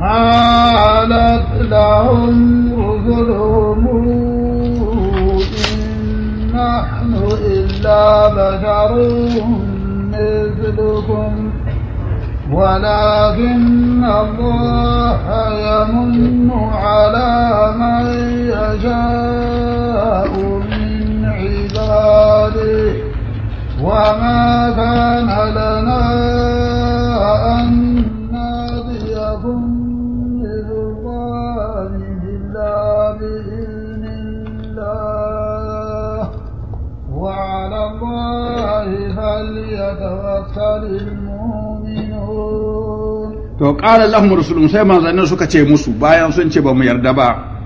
قالت لهم رسلهم إن نحن إلا بشر مثلكم ولكن الله يمن على من يشاء من عباده وما كان لنا to qala lahum rasulun sai manzannin suka ce musu bayan sun ce ba mu yarda ba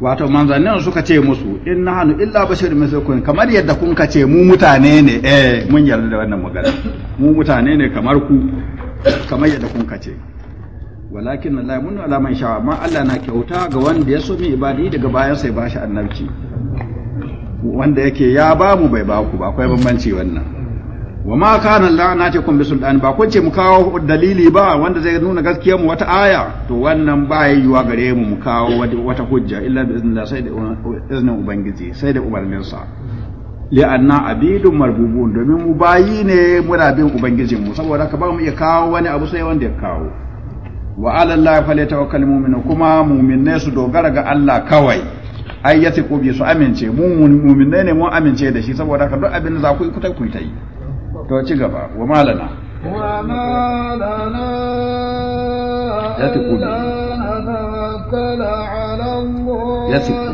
wato manzannin suka ce musu in hannu illa bashar mislukum kamar yadda kun ka ce mu mutane ne eh mun yarda da wannan magana mu mutane ne kamar ku kamar yadda kun ka ce walakin Allah mun ala man sha amma Allah na kyauta ga wanda ya so mai ibadi daga bayan sai bashi annabci wanda yake ya ba mu bai ba ku ba akwai bambanci wannan wa ma kana kunbi sulani ba kun ce mu kawo dalili ba wanda zai nuna gaskiyar mu wata aya to wannan ba yiwa gare mu mu kawo wata hujja illa bi iznillah sai da iznin ubangiji sai da umarnin sa li'anna abidun marbubun domin mu bayi ne muna bin ubangijin mu saboda ka ba mu iya kawo wani abu sai wanda ya kawo wa ala allahi falyatawakkal mu'minu kuma mu'minne su dogara ga Allah kawai ai ku bi su amince mu mu'minne ne mu amince da shi saboda ka duk abin da za ku yi ku ta yi to ci gaba wa malana ya tuku ne ya tuku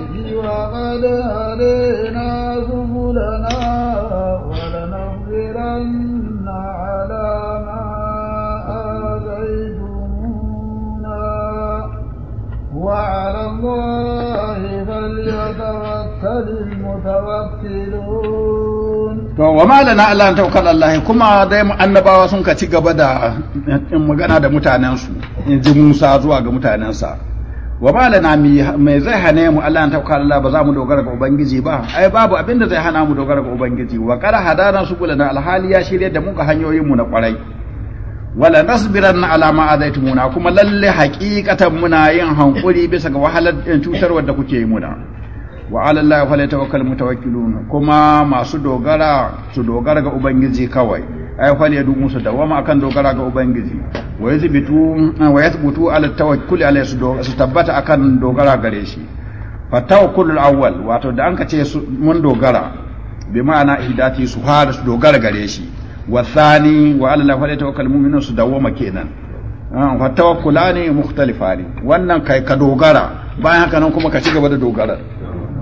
المتوكلون to wa malana Allah ta tawakkal Allah kuma dai annabawa sun ka ci gaba da eh, eh, magana da mutanen su in ji Musa zuwa ga mutanen sa wa malana mai zai hane mu Allah ta tawakkal Allah ba za mu dogara ga ubangiji ba ai babu abin da zai hana mu dogara ga ubangiji wa qara hadana na alhali ya shirye da mu hanyoyin mu na kwarai wala nasbiranna ala ma azaitumuna kuma lalle haqiqatan muna yin hankuri bisa ga wahalar eh, cutarwar da kuke yi muna wa alallahi fa tawakkal mutawakkilun kuma masu dogara su dogara ga ubangiji kawai ay fa yadu musu dawama akan dogara ga ubangiji wa yathbutu wa yathbutu ala tawakkul ala su su tabbata akan dogara gare shi fa tawakkulul awwal wato da an kace mun dogara bi ma'ana hidati su har su dogara gare shi wa thani wa alallahi fa tawakkal mu'minun su dawama kenan ah, fa tawakkulani mukhtalifani wannan kai ka dogara bayan haka nan kuma ka ci gaba da dogarar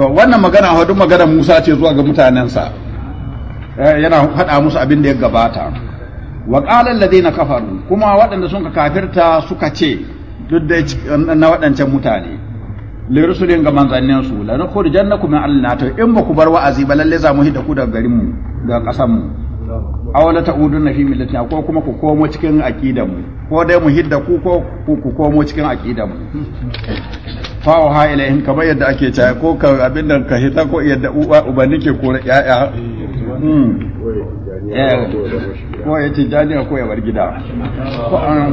to wannan magana hadu magana Musa ce zuwa ga mutanensa eh, yana faɗa musu abin da ya gabata wa qala alladhina kafaru kuma waɗanda suka kafirta suka ce duk da na waɗancan mutane li rusulin ga manzannin su la nukhrijannakum min ta in ba ku bar wa'azi ba lalle za mu hidda ku daga garin mu daga a mu ta'udun na fi millatina ko kuma ku komo cikin aqidan mu ko dai mu hidda ku ko ku komo cikin aqidan mu fawo ha ilaihim kamar yadda ake caya ko ka abin da ka hita ko yadda uba uba nake ko ya'ya hmm. eh, ko ya ce jani ko ya bar gida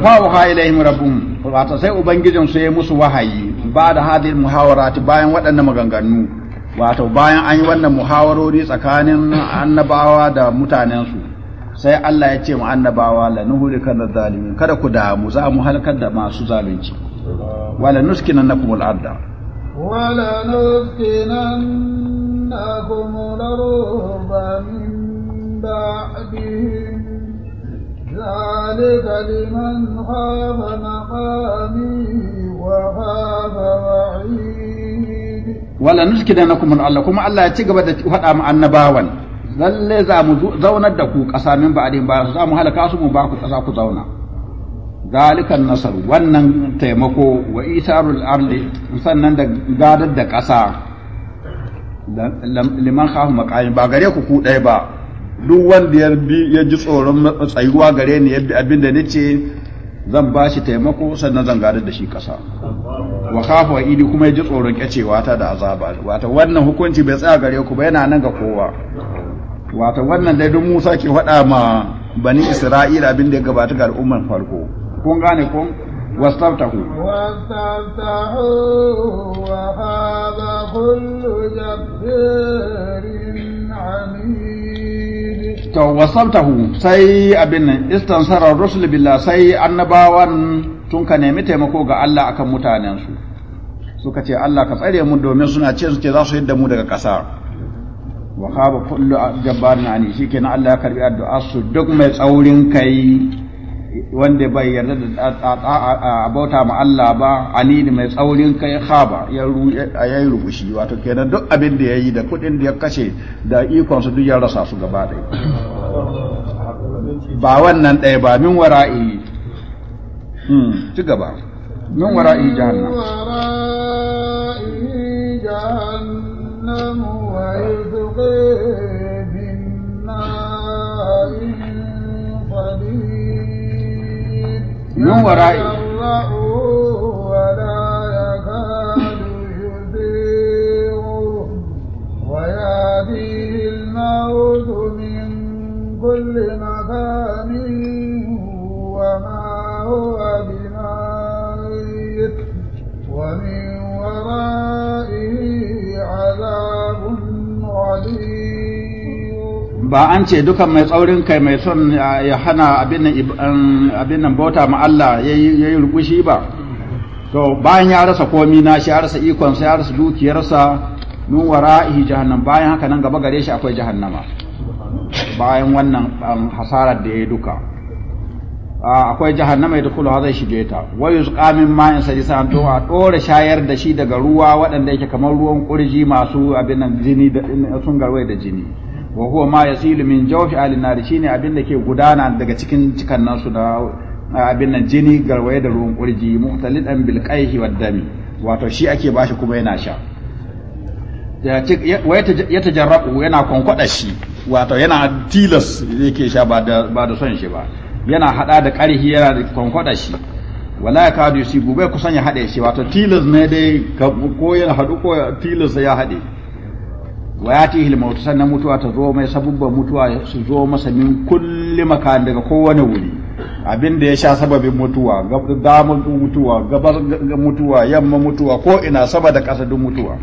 fawo ha ilaihim rabbum wato sai ubangijin su ya musu wahayi ba da hadin muhawarat bayan waɗannan maganganu wato bayan an yi wannan muhawarori tsakanin annabawa da mutanensu sai Allah ya ce mu annabawa la nuhulika zalimin kada ku damu za mu halakar da masu zalunci wala nuskinannakum al-ardh wala nuskinannakum ذلك لمن خاف مقامي وخاف ya ci gaba da faɗa mu annabawan lalle za mu zaunar da ku ƙasa min ba'din ba za mu halaka su mu ba ku ƙasa ku zauna zalikan nasar wannan taimako wa isarul arli sannan da gadar da ƙasa liman khafu maqayin ba gare ku ku ɗaya ba duk wanda ya ji tsoron tsayuwa gare ni yadda abin da nace zan ba shi taimako sannan zan gadar da shi ƙasa wa khafu wa idi kuma ya ji tsoron kyacewa ta da azaba wato wannan hukunci bai tsaya gare ku ba yana nan ga kowa wato wannan dai duk Musa ke faɗa ma bani Isra'ila abin da ya gabata ga al'ummar farko kun gane ko واستفتحوا واستفتحوا وخاب كل جبار عنيد تو واستفتحوا سي ابن استنصر الرسل بالله sai annabawan tun ka nemi taimako ga Allah akan mutanensu suka ce Allah ka tsare mu domin suna ce suke za su yadda mu daga ƙasa wa khaba kullu jabbarin ani kenan Allah ya karbi addu'a su duk mai tsaurin kai wanda bai yarda da abauta ma Allah ba anini mai tsaurin kai khaba ya yi rubushi wato kenan duk abin da ya da kuɗin da ya kashe da ikon su duk ya rasa su gaba dai ba wannan ɗaya ba min wara'i hmm, ci gaba min wara'i jahannam wara'i jahannam wa min wara'i ba an ce dukan mai tsaurin kai mai son ya hana abin nan bauta ma Allah ya yi rukushi ba to bayan ya rasa komi na shi ya rasa ikon sai ya rasa dukiyarsa wara ihi jahannam bayan haka nan gaba gare shi akwai jahannama bayan wannan hasarar da ya duka akwai jahannama da dukulu zai shige ta wa yusqa min ma'in sa to a dore shayar da shi daga ruwa waɗanda yake kamar ruwan kurji masu abin nan jini sun garwai da jini wa huwa ma yasilu min jawfi al-nar shine abin da ke gudana daga cikin cikan nasu da abin nan jini garwaye da ruwan kurji muhtalidan bil qayhi wad dami wato shi ake bashi kuma yana sha ya tajarrabu yana kwankwada shi wato yana tilas yake sha ba da ba da son shi ba yana hada da karhi yana da kwankwada shi wala ya da shi gobe kusan ya hade shi wato tilas ne dai ko yana hadu ko tilas ya hade wa ya tihil mautu sannan mutuwa ta zo mai sabubban mutuwa su zo masa min kulli makan daga kowane wuri abin da ya sha sababin mutuwa damar mutuwa gabar mutuwa yamma mutuwa ko ina sama da ƙasa duk mutuwa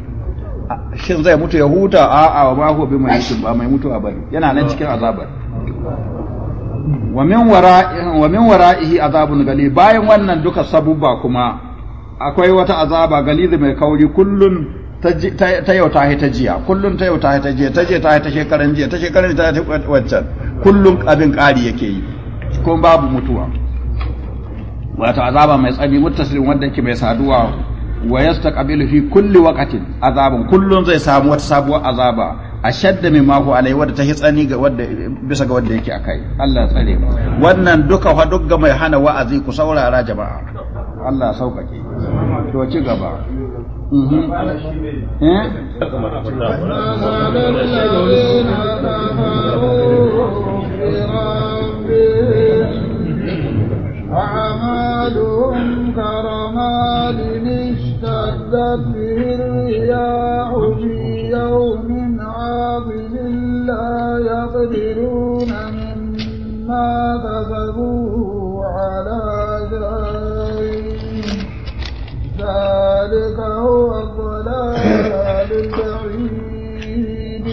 shin zai mutu ya huta a'a ba ko bi mai ba mai mutuwa bane yana nan cikin azabar wa min wara wa min wara'ihi azabun gali bayan wannan duka sabubba kuma akwai wata azaba galizi mai kauri kullun ta yau ta ta jiya kullum ta yau ta haita jiya ta je ta ta shekaran jiya ta shekaran ta haita waccan kullum abin ƙari yake yi ko babu mutuwa wato azaba mai tsami muttasilin wanda yake mai saduwa wa yastaqbilu fi kulli waqtin azaban kullum zai samu wata sabuwar azaba a min ma huwa alai wadda ta tsani ga wadda bisa ga wadda yake akai Allah ya tsare mu wannan duka fa duk ga mai hana wa'azi ku saurara jama'a Allah sauƙaƙe to ci gaba أعمالهم mhm. eh? كرماد اشتدت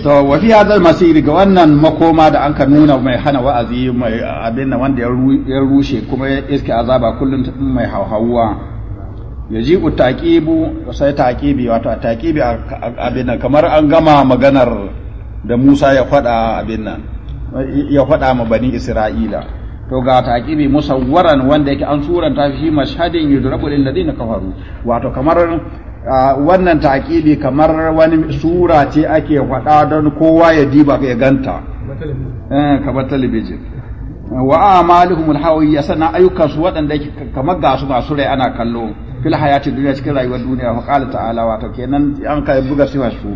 to wa ya hadal ga wannan makoma da ka nuna mai hana wa'azi mai abin nan wanda ya rushe kuma ya iske azaba kullum mai hauhawuwa yaji taqibu sai taqibi wato taqibi abin nan kamar an gama maganar da Musa ya faɗa abin nan ya faɗa ma bani Isra'ila to ga taqibi musawwaran wanda yake an suranta shi mashhadin yudrabu lil ladina kafaru wato kamar wannan taƙibi kamar wani sura ce ake faɗa don kowa ya diba ya ganta eh, kamar talibijin wa amalihum ya sana ayyukan su waɗanda kamar gasu masu rai ana kallo fil hayati duniya cikin rayuwar duniya fa qala ta'ala wato kenan an ka buga sifar su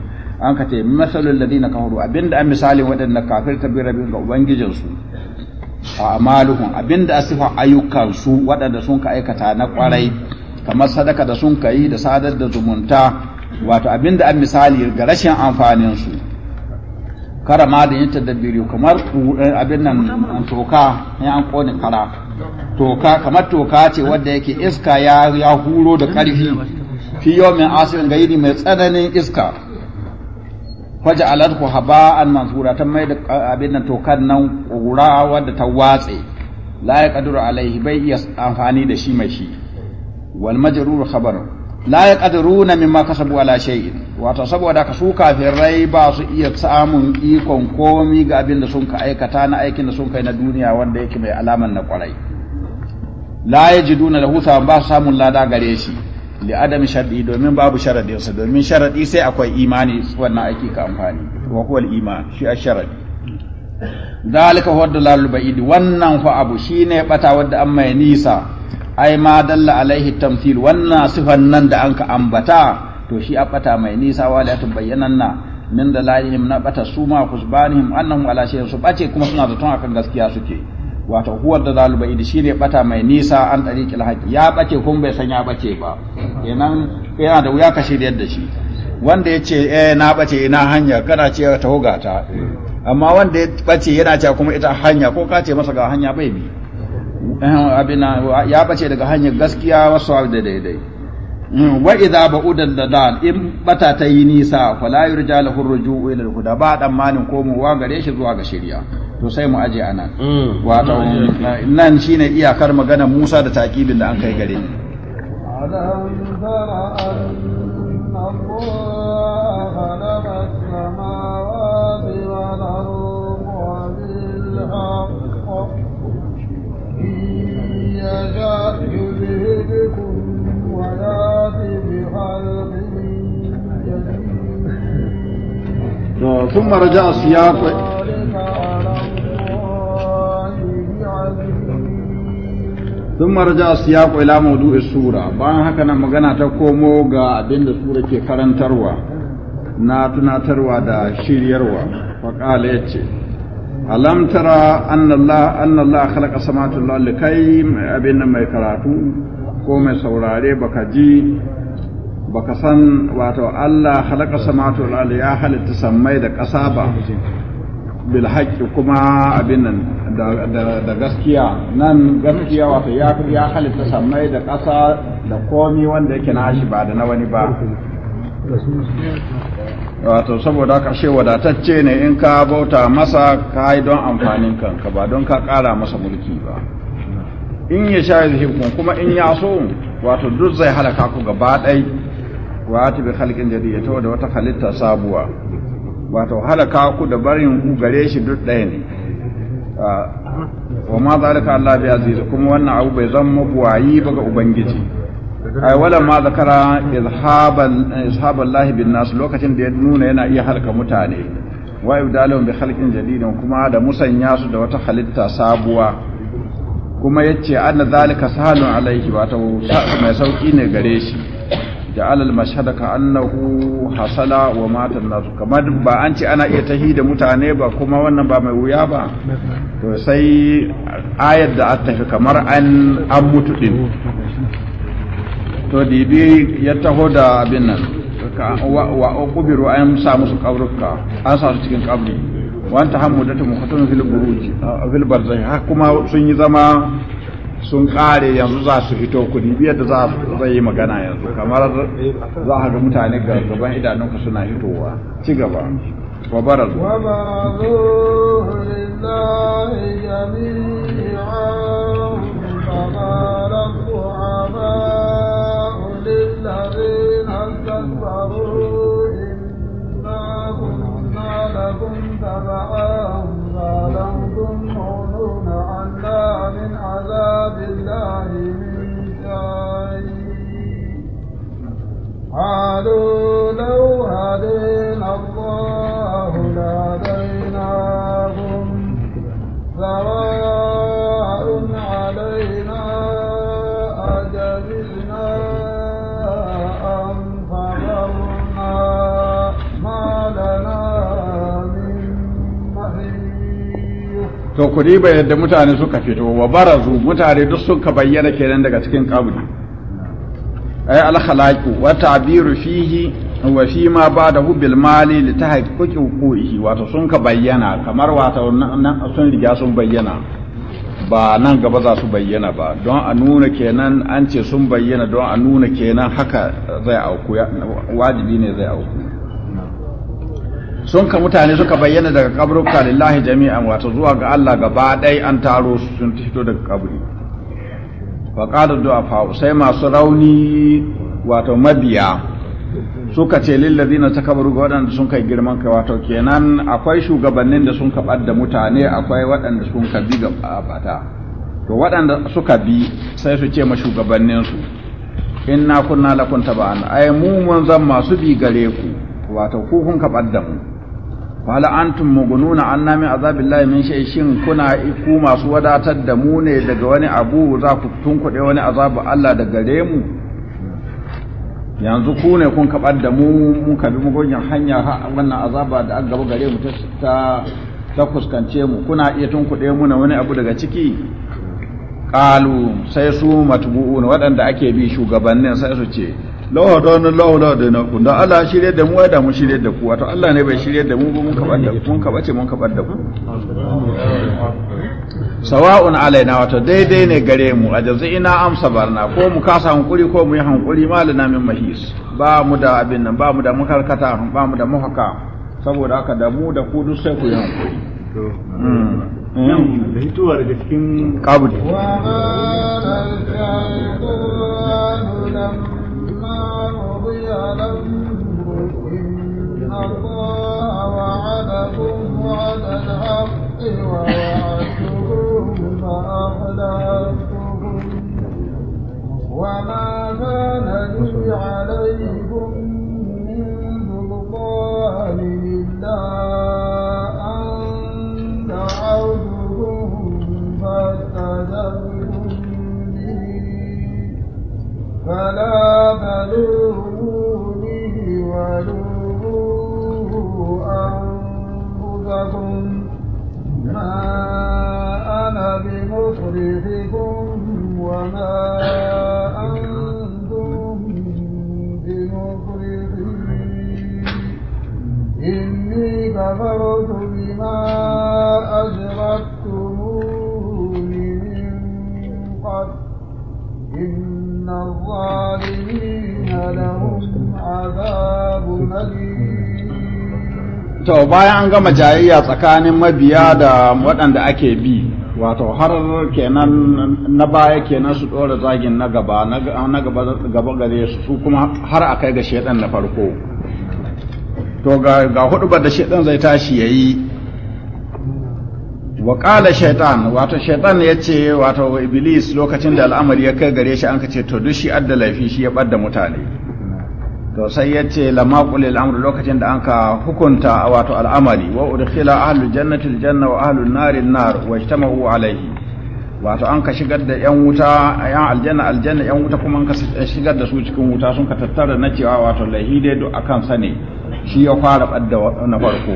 an ka ce masalul ladina kafaru abinda an misali waɗanda kafir ta bi rabin ga ubangijin su amaluhum abinda asifa ayyukan su waɗanda sun ka aikata na kwarai kamar sadaka da sun kai da sadar da zumunta wato abinda an misali ga rashin amfanin su karama da yin tadabbiri kamar eh, abin nan toka ya an kone kara toka kamar toka ce wadda yake iska ya ya huro da ƙarfi fi yawmin asirin gairi mai tsananin iska faja alatku an mansura ta mai da eh, abin nan tokan nan kura wadda ta watse la ya kaduru alaihi bai iya amfani da shi mai shi wal majrur khabar la yaqdiruna mimma kasabu ala shay'in wato saboda ka su kafirai ba su iya samun ikon komi ga abin da sun ka aikata na aikin da sun kai na duniya wanda yake mai alaman na kwarai la da lahu ba samun lada gare shi li adam shar'i domin babu sharadin domin sharadi sai akwai imani wannan aiki ka amfani wa huwa iman shi a sharadi dalika huwa dalalul baidi wannan fa abu shine bata wadda amma ya nisa ai ma dalla alaihi tamthil wannan sifan nan da anka ambata to shi abata mai nisa wa la tabayyananna min dalalihim na bata suma kusbanihim annahum ala shay'in su bace kuma suna zaton akan gaskiya suke wato huwar da zalubai da ne bata mai nisa an tariqil haqi ya bace kun bai san ya bace ba kenan yana da wuya ka shiryar da shi wanda ya ce eh na bace ina hanya kana ce ta hogata amma wanda ya bace yana cewa kuma ita hanya ko ka ce masa ga hanya bai bi ya bace daga hanyar gaskiya wasu da daidai hmm, wa idza da dadal in bata ta yi nisa fala yurja lahu ruju'u ila al ba dan malin komowa gare shi zuwa ga shirya to sai mu aje anan hmm. wato nan shine iyakar maganar Musa da takibin da an kai gare ni ثم رجع السياق ثم رجع السياق الى موضوع السوره بان هكذا مغانا تقومو غا ابين دا سوره كي كرن نا تناتروا دا شيريروا فقال يتي ألم ترى أن الله أن الله خلق السماوات والأرض لكي أبين ما يكراتو كومي سوراري بكجي baka san wato Allah halaka samatu wal ya halitta sammai da ƙasa ba bil kuma abin nan da gaskiya nan gaskiya wato ya halitta sammai da ƙasa da komi wanda yake na shi ba da na wani ba wato saboda ka shi wadatacce ne in ka bauta masa ka yi don amfanin kanka ba don ka ƙara masa mulki ba in ya sha kuma in ya so wato duk zai halaka ku gaba ɗai wa ati bi khalqin jadid to da wata halitta sabuwa wato halaka ku da barin ku gare shi duk ɗaya ne ah, wa ma zalika Allah bi aziz kuma wannan abu bai zan muku wayi ba ga ubangiji ai wala ma zakara izhaban izhaban Allah bin nas lokacin da ya nuna yana iya halka mutane wa ibdalum bi khalqin jadid kuma da musanya su da wata halitta sabuwa kuma yace anna zalika sahalun alaihi wato mai sauki ne gare shi ja'ala al-mashhada ka'annahu hasala wa mata an-nas kamar ba an ce ana iya tahida mutane ba kuma wannan ba mai wuya ba to sai ayar da ta tafi kamar an an mutu din to dibi ya taho da abin nan wa uqbiru an sa musu qabruka an sa su cikin kabri wa anta hamudatu muhtatun fil buruj fil barzakh kuma sun yi zama sun kare yanzu za su fito kuɗi biyar da za su yi magana yanzu kamar za a ga mutane gaban idanunka suna fitowa ci gaba wa barazu لنا من عذاب الله من شيء قالوا لو هدينا الله لهديناهم سواء علينا to ku riba yadda mutane suka fito wa barazu mutane duk sun ka bayyana kenan daga cikin kabri ay al khalaqu wa ta'biru fihi wa fi ma ba'dahu bil mali li tahqiqi huquqihi wato sun ka bayyana kamar wato nan sun riga sun bayyana ba nan gaba za su bayyana ba don a nuna kenan an ce sun bayyana don a nuna kenan haka zai auku wajibi ne zai auku sun ka mutane suka bayyana daga kabruka lillahi jami'an wato zuwa ga Allah gaba ɗai an taro sun fito daga kabri wa qala fa sai masu rauni wato mabiya suka ce ladina takabaru ga waɗanda sun kai girman kai wato kenan akwai shugabannin da sun kaɓar da mutane akwai waɗanda sun ka bi ga bata to waɗanda suka bi sai su ce ma shugabannin su inna kunna lakum taba'an ay mu mun zan masu bi gare ku wato ku kun kaɓar da mu wala antum mugununa anna min azabillahi min shay shin kuna iku masu wadatar da mu ne daga wani abu za ku tunkuɗe wani azabu Allah da gare mu yanzu ku ne kun kabar da mu mun kabi mugogin hanya ha wannan azaba da aka gaba gare mu ta ta fuskance mu kuna iya tunkuɗe mu na wani abu daga ciki qalu sai su matbu'un waɗanda ake bi shugabannin sai su ce lawa da wannan lawa da na naku da Allah shirye da mu ya da mu shirye da ku wato Allah ne bai shirye da mu mun kabar da mun kabar ce mun kabar da ku sawa'un alaina wato daidai ne gare mu a ina amsa barna ko mu kasa hankuri ko mu yi hankuri malina min mahis ba mu da abin nan ba mu da mukarkata ba mu da muhaka saboda haka da mu da ku duk sai ku yi hankuri hmm. Hmm. da cikin فلما قضي الأمر إن الله وعدكم وعد الحق ووعدتكم فأخلفتكم وما كان لي عليكم من سلطان إلا فلا بلغوني ولوه أنفسكم ما to bayan an gama jayayya tsakanin mabiya da waɗanda ake bi wato har kenan na baya kenan su ɗora zagin na gaba na gaba gare su kuma har a kai ga shaidan na farko to ga hudu da shaidan zai tashi ya yi wa ƙala wato shaitan ya ce wato iblis lokacin da al'amari ya kai gare shi an ka ce to duk shi adda laifi shi ya ɓadda mutane to sai ya ce lamma qulil amru lokacin da an ka hukunta wato al'amari wa udkhila ahlul jannati aljanna wa ahlun nari an-nar wa ijtama'u alayhi wato an ka shigar da yan wuta yan aljanna aljanna yan wuta kuma an ka shigar da su cikin wuta sun ka tattara na cewa wato lahi dai duk akan sa ne shi ya fara badda na farko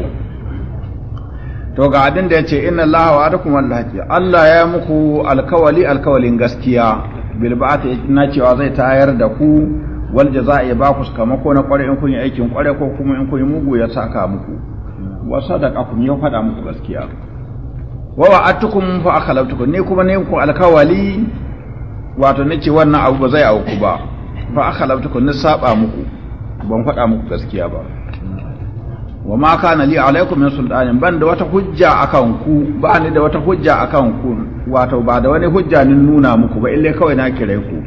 to ga abin da yace inna allaha wa'adakum wal haqq Allah ya muku alkawali alkawalin gaskiya bil ba'ati na cewa zai tayar da ku wal jaza'i ya baku sakamako na kware in kun yi aikin kware ko kuma in kun yi mugu ya saka muku wa kun ya faɗa muku gaskiya wa wa'atukum fa akhalatukum ne kuma ne ku alkawali wato ce wannan abu ba zai auku ba fa akhalatukum ni saba muku ban faɗa muku gaskiya ba wa ma kana li alaikum min sultanin ban da wata hujja akan ku ba ni da wata hujja akan ku wato ba da wani hujja nin nuna muku ba illai kawai na kire ku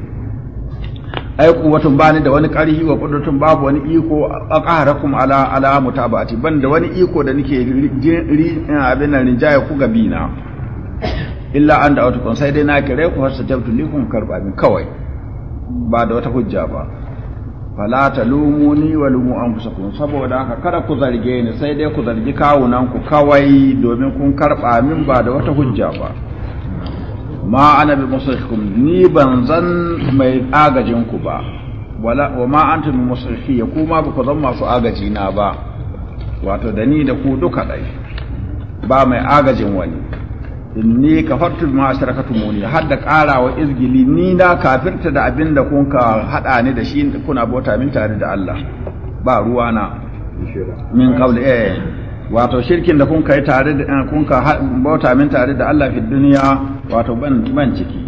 ai kuwatun bani da wani ƙarfi wa qudratun babu wani iko a aqaharakum ala ala mutabati ban da wani iko da nake eh, abin nan rinjaye ku na, illa an da kun sai dai na kire ku har sajabtu likum karba min kawai ba da wata hujja ba fala talumuni wa lumu anfusakum saboda haka kada ku zarge ni sai dai ku zargi kawunan ku kawai domin kun karba min ba da wata hujja ba ma ana bi musrikhkum ni ban zan mai agajin ku ba wala wa ma antum bi musrikhi ya kuma ba ku zan masu agaji na ba wato da ni da ku duka dai ba mai agajin wani Ni inni kafartu ma sharakatu ne har da karawa izgili ni na kafirta da abin da kun ka hada ni da shi kuna bota min tare da Allah ba ruwana min qabl eh wato shirkin da kun kai tare da eh, kun ka bauta min tare da Allah fi duniya wato ban ban ciki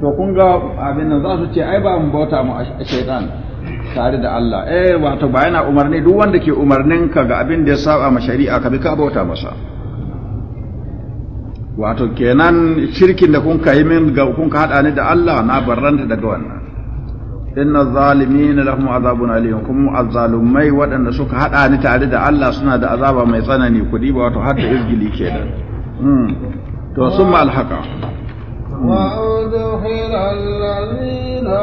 to kun ga abin nan za su ce ai ba mu bauta mu shaytan tare da Allah eh wato ba yana umarni duk wanda ke umarnin ka ga abin da ya saba ma shari'a ka bi ka bauta masa wato kenan shirkin da kun kai min ga kun ka hada ni da Allah na barranta daga wannan inna zalimin lahum azabun alim kuma azzalumai waɗanda suka haɗa ni tare da Allah suna da azaba mai tsanani kuɗi ba wato har da izgili kenan hmm. to summa alhaqa na hmm. udkhil alladhina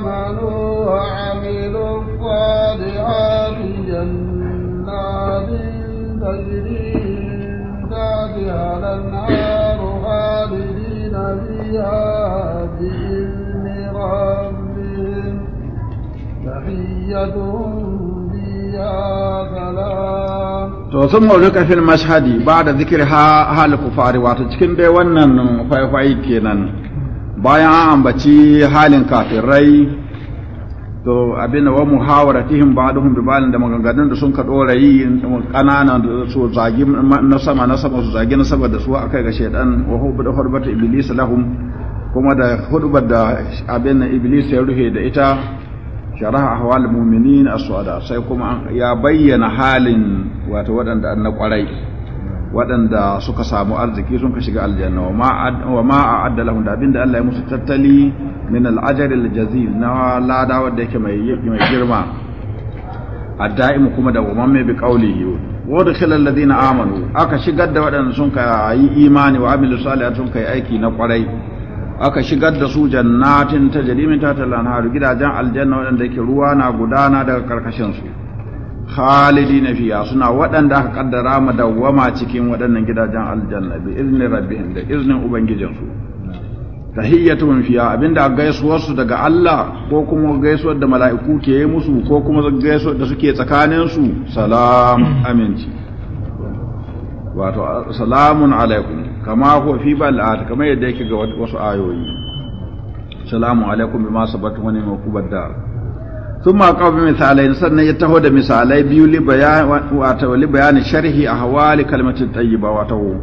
amanu wa amilu salihati jannatin tajri tahtiha al-anhar khalidina fiha to sun maurika fil mashadi ba da zikir ha hal kufari wato cikin dai wannan faifai kenan bayan an ambaci halin kafirai to abin da wa muhawaratihim ba'dhum bi ba'd da maganganun da sun ka ɗora yi kanana su zagi na sama na sama su zagi na sama da su akai ga shaidan wa hubu da hurbatu iblis lahum kuma da hudbar da abin iblis ya ruhe da ita sharaha ahwal mu'minin as-su'ada sai kuma ya bayyana halin wato waɗanda na kwarai waɗanda suka samu arziki sun ka shiga aljanna wa ma a'adda lahum da abinda Allah ya musu tattali min al-ajr al jazil na lada wanda yake mai mai girma ad-da'im kuma da mai bi qawlihi dakhala alladhina amanu aka shigar da waɗanda sun ka yi imani wa amilu salihatun sun kai aiki na kwarai aka shigar da su jannatin ta jarimin ta haru gidajen aljanna waɗanda ke ruwa na gudana daga karkashinsu khalidi na fiya suna waɗanda aka ƙaddara ma dawwama cikin waɗannan gidajen aljanna bi iznin rabbihim da iznin ubangijinsu tahiyyatuhum fiya abinda gaisuwarsu daga Allah ko kuma gaisuwar da mala'iku ke yi musu ko kuma gaisuwar da suke tsakaninsu salam aminci wato salamun alaikum kama ko fi bal'at kama yadda yake ga wasu ayoyi salamu alaikum bima sabatu wani ma misalai ya taho da misalai biyu li bayani wa ta لبيان bayani sharhi ahwali أحوال tayyiba wa tawo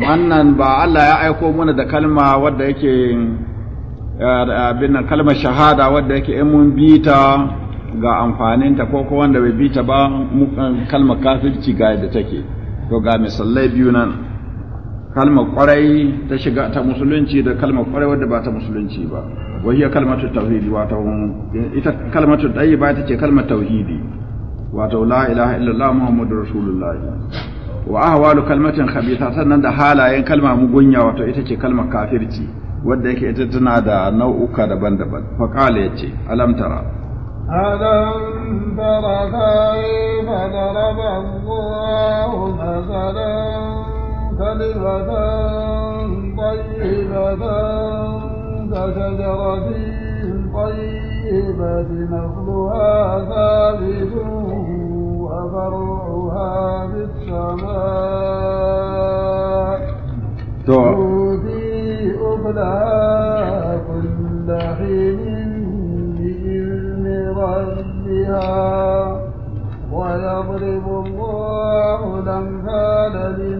wannan ba Allah ya aiko mana da kalma wadda yake abin nan kalmar shahada wadda yake in mun bita ga amfaninta ko ko wanda bai bita ba kalmar kafirci ga yadda take to ga misalai biyu nan kalmar kwarai ta shiga ta musulunci da kalmar kwarai wadda ba ta musulunci ba wa hiya kalmatu tauhidi wato ita kalmatu ba ta ce kalmar tauhidi wato la ilaha illallah muhammadur rasulullah wa ahwalu kalmatin khabitha sannan da halayen kalma mugunya wato ita ce kalmar kafirci wadda yake ita tana da nau'uka daban-daban fa qala yace alam tara alam tara kayfa daraba allah masalan كلمة طيبة كشجرة طيبة نخلها ثابت وفرعها في السماء تؤتي أكلها كل حين بإذن ربها ويضرب الله الأمثال للناس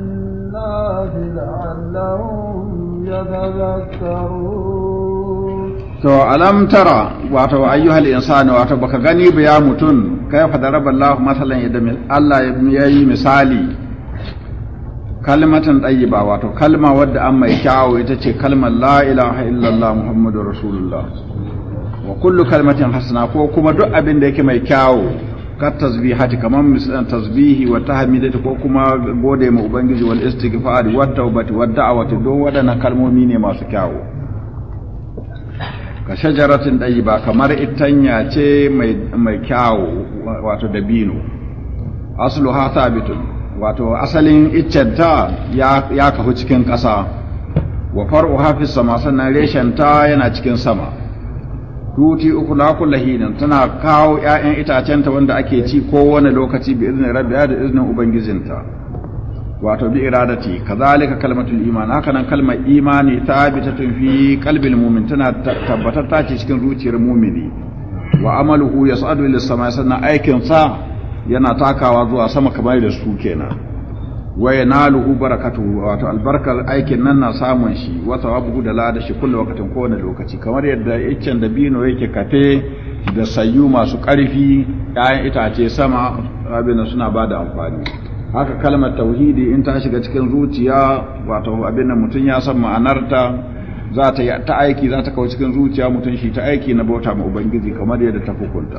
to alam tara wato ayyuhal insani wato baka gani ba ya mutum kai fa daraba Allah masalan yadda Allah ya yi misali kalmatan tayyiba wato kalma wadda an mai kyawo ita ce kalmar la ilaha illallah muhammadur rasulullah wa kullu kalmatin hasana ko kuma duk abin da yake mai kyawo kar tasbihati kamar misalan tasbihi wa tahmidati ko kuma gode ma ubangiji wal istighfar wa tawbati wa da'awati do wadana kalmomi ne masu kyawu ka shajaratin ba kamar itanya ce mai mai kyawu wato dabino asluha thabitun wato asalin iccenta ya ya kahu cikin ƙasa wa far'uha fis sama sannan reshen ta yana cikin sama tuti uku kula kullahinan tana kawo 'ya'yan itacenta wanda ake ci kowane lokaci bi izinin da izinin ubangijinta wato bi iradati kazalika kalmatul iman haka nan kalmar imani thabitatun fi qalbil mu'min tana tabbatar ta ce cikin zuciyar mu'mini wa amaluhu yas'adu lis sama sannan aikin sa yana takawa zuwa sama kamar da su kenan wa yanaluhu barakatuhu wato albarkar aikin nan na samun shi wa thawabuhu da lada shi kullu wakatin kowane lokaci kamar yadda iccen da bino yake kafe da sayu masu ƙarfi ƴaƴan itace sama abin suna bada amfani haka kalmar tauhidi in ta shiga cikin zuciya wato abin mutum ya san ma'anarta za ta ta aiki za ta kawo cikin zuciya mutum shi ta aiki na bauta ma ubangiji kamar yadda ta hukunta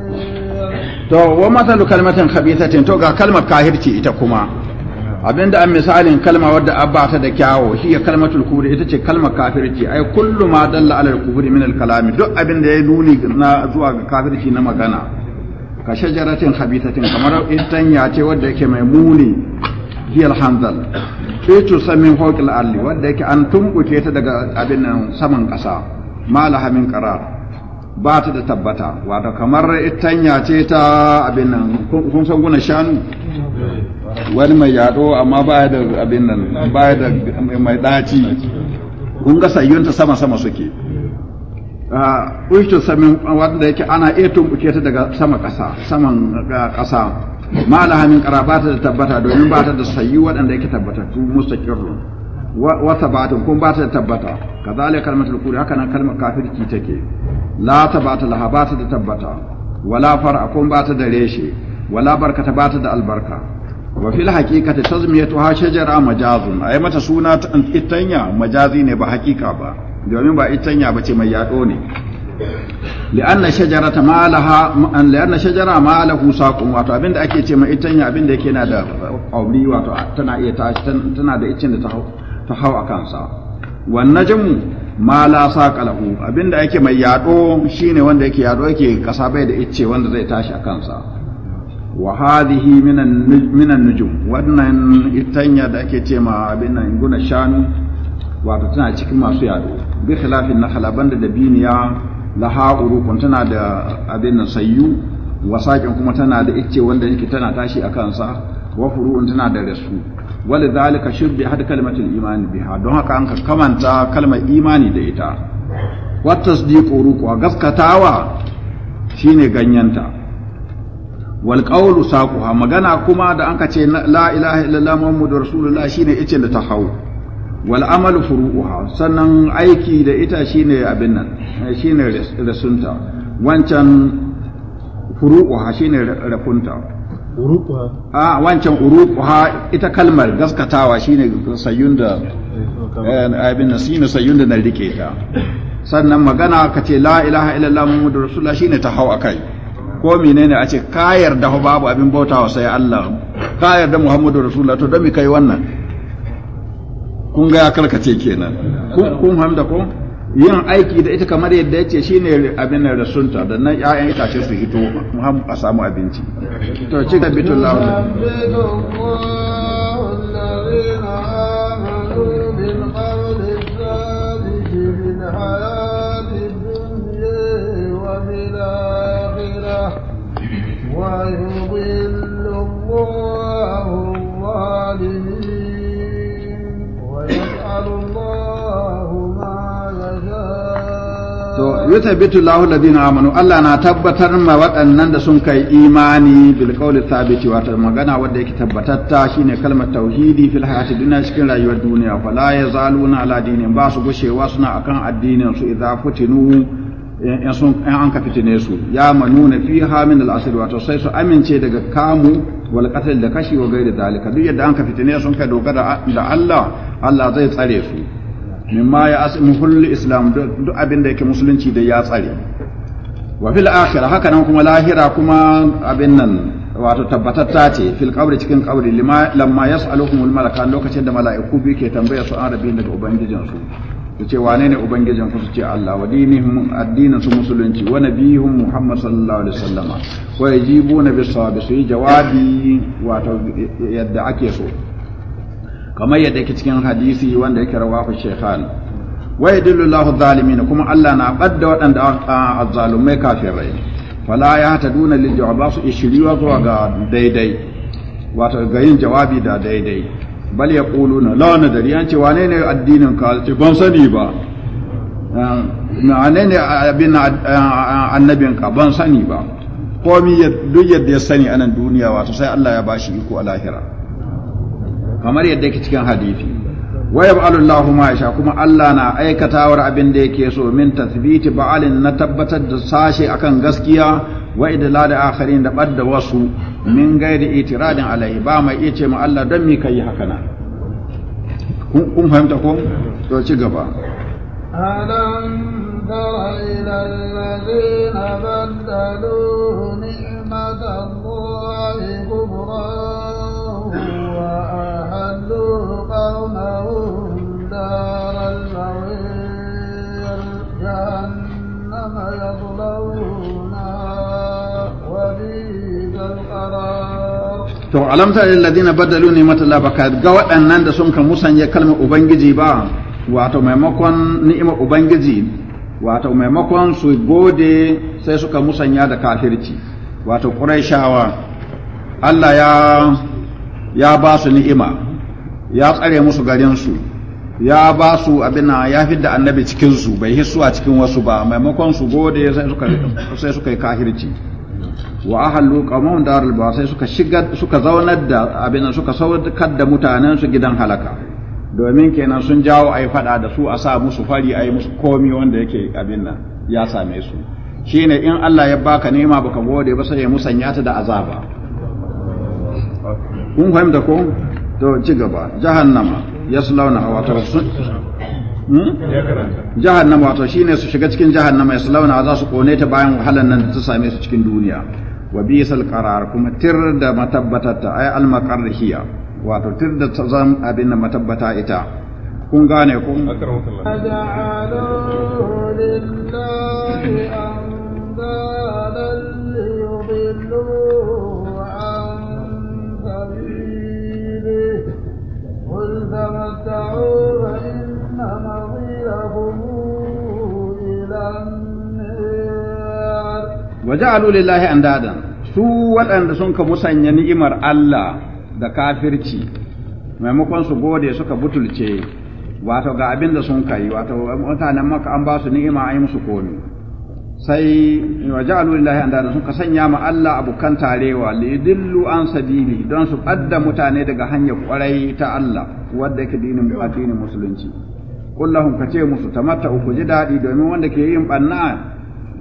to wa matalu kalmatin khabithatin to ga kalmar kahirci ita kuma abinda an misalin kalma wadda abba ta da kyawo shi ya kalmatul kubri ita ce kalmar kafirci ai kullu ma dalla ala al min al-kalam duk abinda ya nuni na zuwa ga kafirci na magana ka shajaratin khabithatin kamar itanya ce wadda yake mai muni hiya al-hanzal ce to samin hokil arli wadda yake an tumbuke ta daga abin nan saman kasa malaha min qarar ba ta da tabbata wato kamar itanya ce ta abin nan kun san guna shanu wani mai yado amma ba da abin nan ba da mai daci kun ga sayyunta sama sama suke ah, ushtu samin wanda yake ana iya tumbuke ta daga sama kasa saman kasa ma ba karabata da tabbata domin ba ta da sayyu waɗanda yake tabbatattu mustaqirrun wa sabatun kun ba ta tabbata kazalika kalmatul kufri haka nan kalmar kafirci take la ta laha ba ta da tabbata wala far'a kun ba ta da reshe wala barkata ba ta da albarka wa fil haqiqati ha shajara majazun ai mata suna ta itanya majazi ne ba haqiqa ba domin ba itanya ba ce mai yado ne li'anna shajarata ma laha an li'anna shajara ma lahu saqum wato abinda ake ce mai itanya abinda yake na da auri wato tana iya tashi tana da icin da ta hau ta hau a kansa wannan jin ma la saqa lahu abinda yake mai yado shine wanda yake yado yake kasa bai da icce wanda zai tashi a kansa wa hadhihi minan minan nujum wannan itanya da ake ce ma abin nan guna shanu wato tana cikin masu yado bi khilafin nakhla banda da biniya laha urukun tana da abin nan sayyu kuma tana da icce wanda yake tana tashi a kansa wa furu'un tana da rasu wali zalika bi had kalmatul imani biha don haka an ka kamanta kalmar imani da ita wa tasdiqu ruqwa gaskatawa shine ganyanta wal qawlu saquha magana kuma da an ka ce la ilaha illallah muhammadur rasulullah shine ice da ta hau wal amalu sannan aiki da ita shine abin nan shine rasunta wancan furu'uha shine rafunta a ah, wancan uruquha ita kalmar gaskatawa shine sayyun da eh, eh, abin na nasina sayyun da na rike ta sannan magana ka ce la ilaha illallah muhammadu rasulullah shine ta hau akai ko menene a ce ka yarda babu abin bautawa sai Allah ka yarda muhammadu rasulullah to don mi kai wannan kun ga ya karkace kenan kun hamda ko yin aiki da ita kamar yadda ya ce shi ne abin da sunta da nan ‘ya'yan itace su hito muhammadu a samu abinci to ci gabatun launa ويضل الله الظالمين yuthabitu lahu alladhina amanu Allah na tabbatar ma waɗannan da sun kai imani bil qawli thabiti wato magana wanda yake tabbatatta shine kalmar tauhidi fil hayati dunya cikin rayuwar duniya fa la yazaluna ala dinin ba su gushewa suna akan addinin su idza futinu in sun an ka fitine su ya manuna fiha min al asr wato sai su amince daga kamu wal qatl da kashi wa gairi dalika duk yadda an ka fitine sun kai dogara da Allah Allah zai tsare su mimma ya asmi hulli islam duk abin da yake musulunci da ya tsare wa fil akhirah haka nan kuma lahira kuma abin nan wato tabbatatta ce fil qabri cikin qabri lamma yas'aluhumul malaka lokacin da mala'iku bi ke tambaya su an rabin daga ubangijin su su ce wane ne ubangijin ku su ce Allah wa dinihum addinin su musulunci wa nabiyuhum Muhammad sallallahu alaihi wasallama wa yajibuna bis sawabi su yi jawabi wato yadda ake so kamar yadda yake cikin hadisi wanda yake rawahu shaykhan wa yadullu Allahu zalimin kuma Allah na badda waɗanda azzalumai kafirai fala ya ta taduna lil jawab su ishiriwa zuwa ga daidai wato ga yin jawabi da daidai bal yaquluna la nadari an ce wane ne addinin ka ce ban sani ba ne ne abin annabin ka ban sani ba komi duk yadda ya sani a nan duniya wato sai Allah ya bashi iko a lahira kamar yadda yake cikin hadisi wa yab'alu Allahu ma yasha kuma Allah na aikatawar abin da yake so min tathbiti ba'alin na tabbatar da sashe akan gaskiya wa idlal akharin da badda wasu min gairi itiradin alai ba mai iya ce ma Allah don mi kai haka na kun fahimta ko to ci gaba alam تر إلى الذين بدلوا نعمة الله دار جهنم القرار to alamta ta lil ladina badalu ni'mat Allah baka ga waɗannan da sun ka musanya kalmar ubangiji ba wato maimakon ni'imar ubangiji wato maimakon su gode sai suka musanya da kafirci wato quraishawa Allah ya ya ba su ni'ima ya tsare musu garinsu ya ba su abin ya fidda annabi cikinsu bai hissu a cikin wasu ba maimakon su gode sai suka yi kahirci wa ahallu qawmun darul ba sai suka shiga suka zaunar da abin suka saukar da mutanen su gidan halaka domin kenan sun jawo ai fada da su a sa musu fari ai musu komi wanda yake abin nan ya same su shine in Allah ya baka nema baka gode ba sai ya musanya ta da azaba kun fahimta ko to ci gaba jahannama yaslawna wato hmm? jahannama wato shine su shiga cikin jahannama yaslawna za su kone ta bayan wahalan nan da ta same su cikin duniya wa bisal qarar kuma tir da matabbatata ay al maqarrihiya wato tir da tazam abin da matabbata ita kun gane kun akramukallah waja'alu lillahi andadan su waɗanda sun ka musanya ni'imar Allah da kafirci maimakon su gode suka butulce wato ga abin da sun kai wato mutanen maka an ba su ni'ima an yi musu komi sai waja'alu lillahi andadan sun ka sanya ma Allah abukan tarewa li dillu an sabili don su adda mutane daga hanyar kwarai ta Allah wadda yake dinin addinin musulunci kullahum kace musu tamatta ku ji dadi domin wanda ke yin banna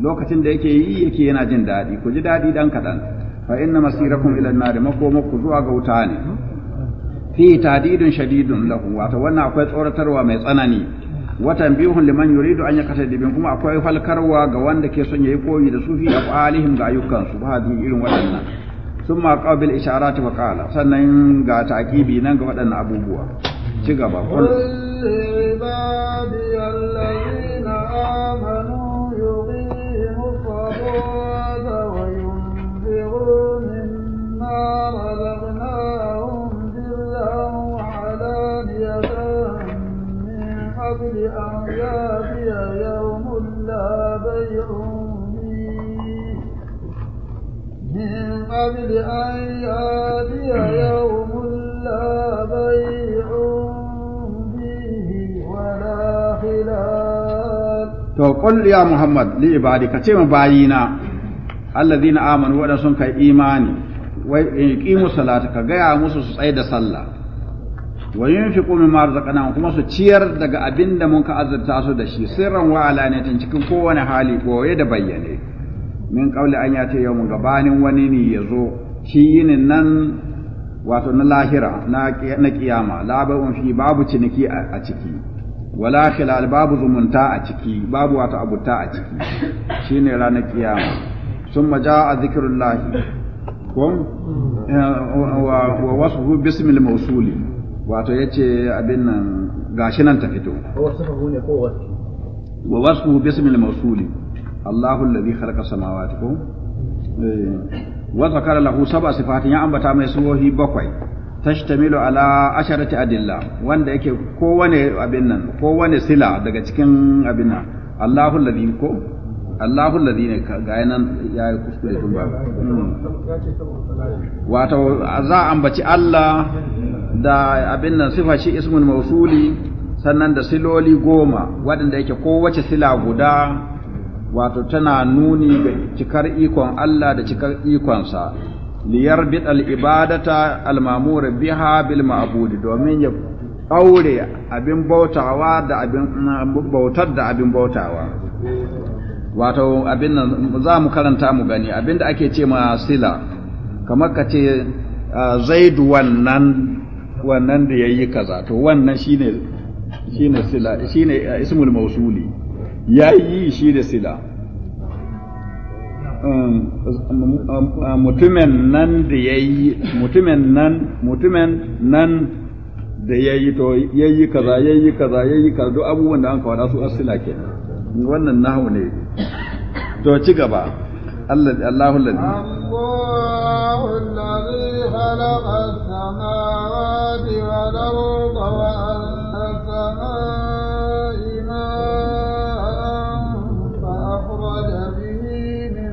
lokacin da yake yi yake yana jin daɗi ku ji daɗi dan kaɗan fa inna masirakum ila an-nar makoma ku zuwa ga wuta ne fi tadidun shadidun lahu wato wannan akwai tsoratarwa mai tsanani watan bihun liman yuridu an yakata dibin kuma akwai falkarwa ga wanda ke son yayi koyi da sufi a alihim ga ayyukan su ba irin waɗannan qabil قال wa qala sannan ga تعقيبي nan ga waɗannan abubuwa ci gaba قل عبادي na آمنوا To, ƙulli ya Muhammad li ibadi ka ce ma bayina, Allah zina amanu waɗansu kai imani. wai yuqimu eh, salata ka gaya musu su tsaye da sallah wa yunfiqu mimma razaqnahum kuma su ciyar daga abin da mun ka azurta su da shi sirran wa alaniyatin cikin kowane hali boye da bayyane min qawli an ya ce yau mun gabanin wani ne ya shi yinin nan wato na lahira na kiyama labarun fi babu ciniki a ciki wala khilal babu zumunta a ciki babu wato abuta a ciki shine ranar kiyama summa jaa zikrullahi ko eh, wa wasfu bismil mausuli wato ya ce abin nan gashi nan ta fito wa wasu wasfu bismil mausuli. Allahu alladhi khalaqa samawati ko eh, wa zakara lahu sab'a sifatin ya ambata mai suwohi bakwai tashtamilu ala asharati adilla wanda yake kowane abin nan kowane sila daga cikin abin nan Allahu alladhi ko Allahu alladhi ne ga nan ya yi kuskure tun ba hmm. wato za a ambaci Allah da abin nan sifa shi ismin mausuli sannan da siloli goma waɗanda yake kowace sila guda wato tana nuni ga cikar ikon Allah da cikar ikonsa liyar bidal ibadata almamura biha bil ma'budi domin ya aure abin bautawa da abin bautar da abin bautawa wato abin nan za mu karanta mu gani abin da ake ce ma sila kamar ka ce zaidu wannan wannan da yayi kaza to wannan shine shine sila shine ismul mausuli yayi shi da sila um, um, mutumin nan da yayi mutumin nan mutumin nan da yayi to yayi kaza yayi kaza yayi kaza duk abubuwan da an kawo su asila kenan wannan nahu ne to ci gaba Allah Allahu ladhi Allahu alladhi khalaqa as-samawati wal arda wa anzala fa akhraja bihi min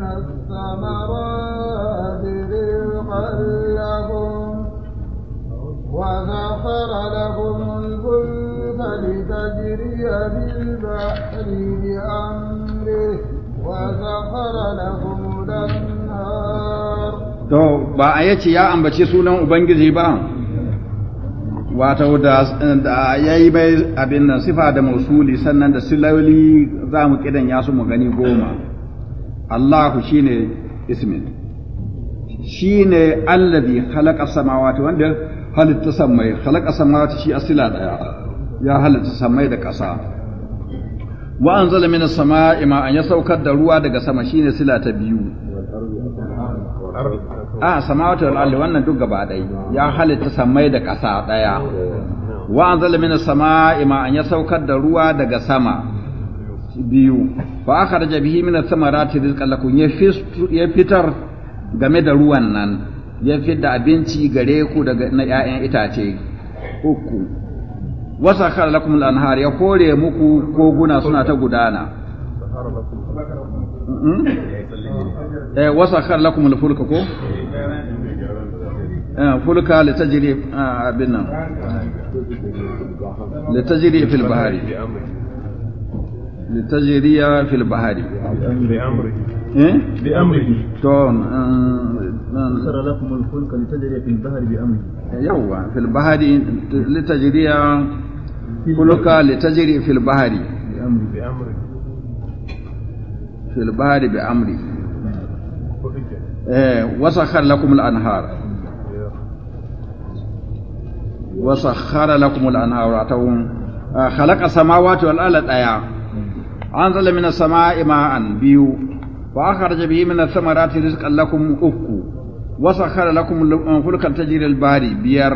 to ba a ce ya ambace sunan ubangiji ba Wata da ya yi mai abin nan sifa da mausuli sannan da siloli za mu kidan ya su mu gani goma Allahu ne ismin ne allazi halaka samawati wanda halitta samai halaka samawati shi asila daya ya halitta samai da kasa wa anzala minas sama'i ma'an ya saukar da ruwa daga sama shine sila ta biyu a samawati wal ardi wannan duk gaba dai ya halitta samai da ƙasa daya wa anzala minas sama'i ma'an ya saukar da ruwa daga sama biyu fa akhraja bihi minas samarati rizqan lakum ya fitar game da ruwan nan ya fitar da abinci gare ku daga na 'ya'yan itace uku وسخر لكم الانهار يقولي موكو كوغونا سنة تغدانا إيه، وسخر لكم الفلك كو إيه، فلك لتجري آه، بنا لتجري في البحر لتجري في البحر بأمره بأمره تون آه، آه. لكم الفلك لتجري في البحر بأمره يوه في البحر لتجري kuluka litajri fil bahri fil bahri bi amri eh wasakhar lakum al anhar wasakhara lakum al anhar atawun khalaqa samawati wal arda daya anzala minas sama'i ma'an biyu wa akhraja bihi minas samarati rizqan lakum fulka tajri al biyar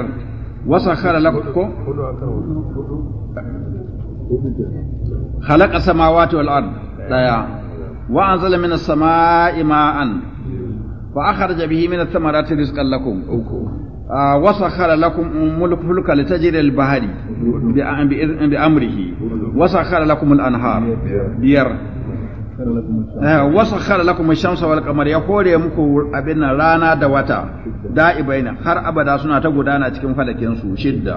وسخر لكم خلق السماوات والأرض ديا وأنزل من السماء ماء فأخرج به من الثمرات رزقا لكم وسخر لكم ملك فلك لتجري البحر بأمره وسخر لكم الأنهار ديار Eh, wasakhara lakum ash-shamsa wal qamar ya kore muku abin nan rana da wata da'ibaina har abada suna ta gudana cikin falakin su shidda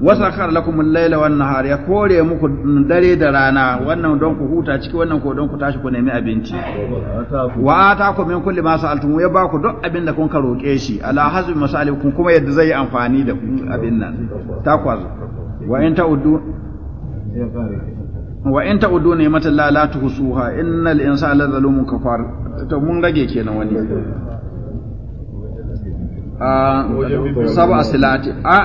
wasakhara lakum al-laila wan nahar ya kore muku dare da rana wannan don ku huta ciki wannan ko don ku tashi ku nemi abinci wa ataku min kulli ma sa'altum ya ba ku duk abin da kun ka roke shi ala hasbi masalikum kuma yadda zai amfani da abin nan takwas. wa in ta'uddu ya wa in udu ne mata la la tuhsuha innal insana la zalumun kafar to mun rage kenan wani a ah, sab'a silati a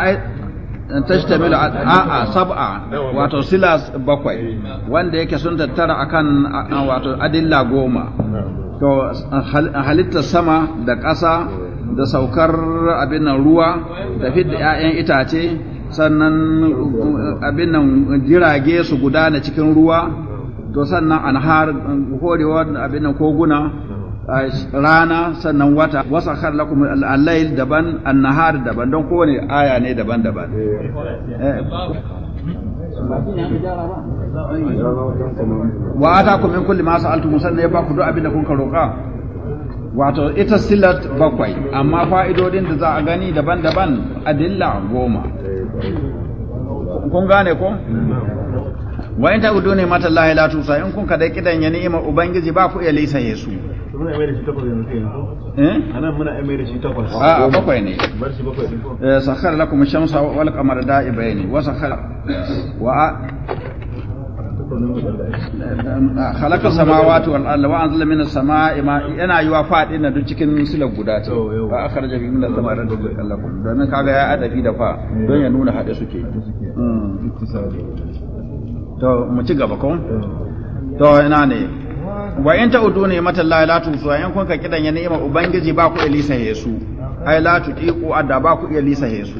tashtamilu a a sab'a wato silas bakwai wanda yake sun tattara akan wato adilla goma to halitta sama da ƙasa da saukar abin ruwa da fidda 'ya'yan itace sannan abin nan jirage su gudana cikin ruwa to sannan anhar horewa abin nan koguna rana sannan wata wasa lakum al-layl daban an-nahar daban don kowane aya ne daban-daban eh. wa ataakum min kulli ma sa'altum sannan ya baku duk abin da kun ka roka wato ita silat bakwai amma fa'idodin da za a gani daban-daban adilla goma kun gane ko wa in gudu ne mata lahi la in kun kada kidan ya ni'ima ubangiji ba ku iya lisa yesu anan muna mai da shi takwas eh? a bakwai ne bar bakwai din ko eh, sakhara lakum shamsa wal qamara da'ibaini wa sakhara wa خلق السماوات والارض وانزل من السماء ماء انا يوا yana yiwa fadin na cikin silar guda ce fa akhraja bihi da thamara rizqan lakum dan kaga ya adafi da fa don ya nuna hade suke to mu ci gaba ko to ina ne wa in udu ne matallahi la tusu ayan kun ka kidan ya ni'ima ubangiji ba ku elisa yesu ai la tuqiqu adda ba ku iya lisa yesu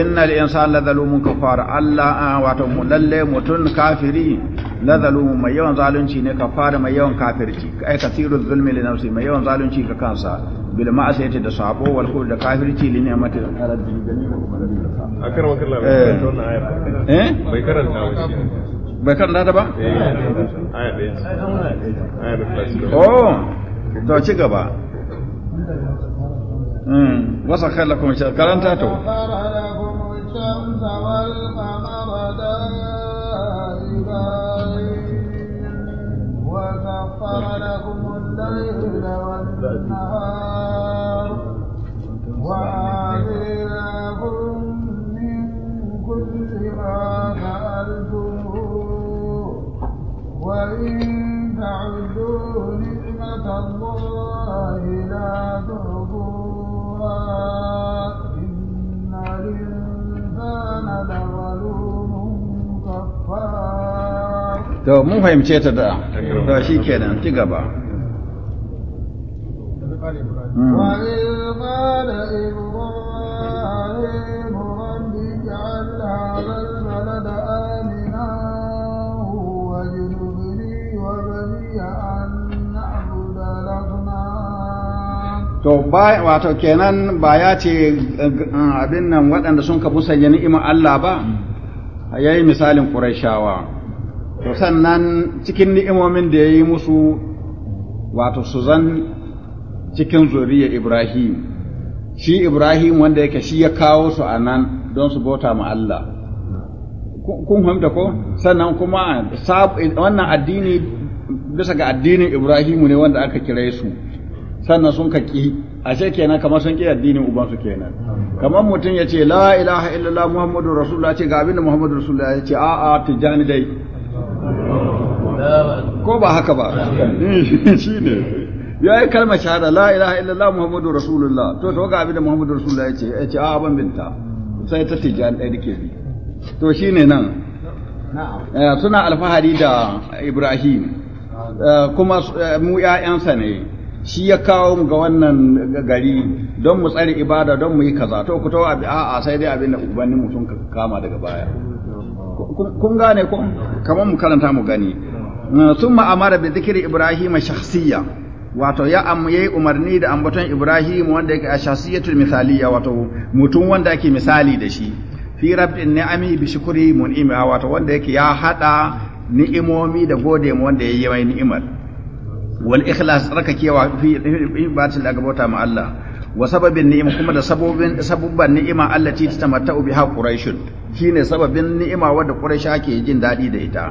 innal insana ladhalumun kafar Allah wato mu lalle mutun kafiri ladhalumun mai yawan zalunci ne kafara mai yawan kafirci ai kasiru zulmi li nafsi mai yawan zalunci ga kansa bil ma'asiyati da sabo wal kufr da kafirci li ni'mati rabbi akar wakar la eh bai karanta bai karanta ba eh aya aya oh, to ci gaba Mm. wasa kalla kuma shi karanta to Thank to mun fahimce ta da to shi kenan ci gaba hmm. to ba wato kenan ba ya ce eh, abin nan waɗanda sun ka busanya ni'imar Allah ba yayi misalin Qurayshawa to sannan cikin ni'imomin da ya yi musu wato su zan cikin zuriya Ibrahim shi Ibrahim wanda yake shi ya kawo su a nan don su bauta ma Allah kun fahimta ko sannan kuma wannan addini bisa ga addinin Ibrahimu ne wanda aka kira su sannan sun ka ki ashe kenan kamar sun ki addinin ubansu kenan kamar mutum ya ce la ilaha illallah muhammadu rasulullah ce ga abinda muhammadu rasulullah ya ce a'a tijani dai ko ba haka ba shi ne ya yi kalmar shahada la ilaha illallah muhammadu rasulullah to to ga abin da muhammadu rasulullah ya ce ya ce a binta sai ta tijjani ɗaya ke bi to shi ne nan eh, suna alfahari da ibrahim eh, kuma eh, mu ‘ya'yansa ne shi ya kawo mu ga wannan gari don mu tsare ibada don mu yi kaza to ku to a sai dai abin da ubanninmu sun kama daga baya kun gane ko kamar mu karanta mu gani summa amara bi zikiri ibrahima shakhsiyya wato ya am yayi umarni da ambaton ibrahim wanda yake a shakhsiyatul misaliya wato mutum wanda yake misali da shi fi rabbin ni'ami bi shukri mun'imi wato wanda yake ya hada ni'imomi da gode mu wanda yayi mai ni'imar wal ikhlas rakakewa fi ibadatil agabota ma Allah wa sababin ni'ima kuma da sabobin sabubban ni'ima allati tatamatta'u biha quraish shine sababin ni'ima wanda quraish ake jin dadi da ita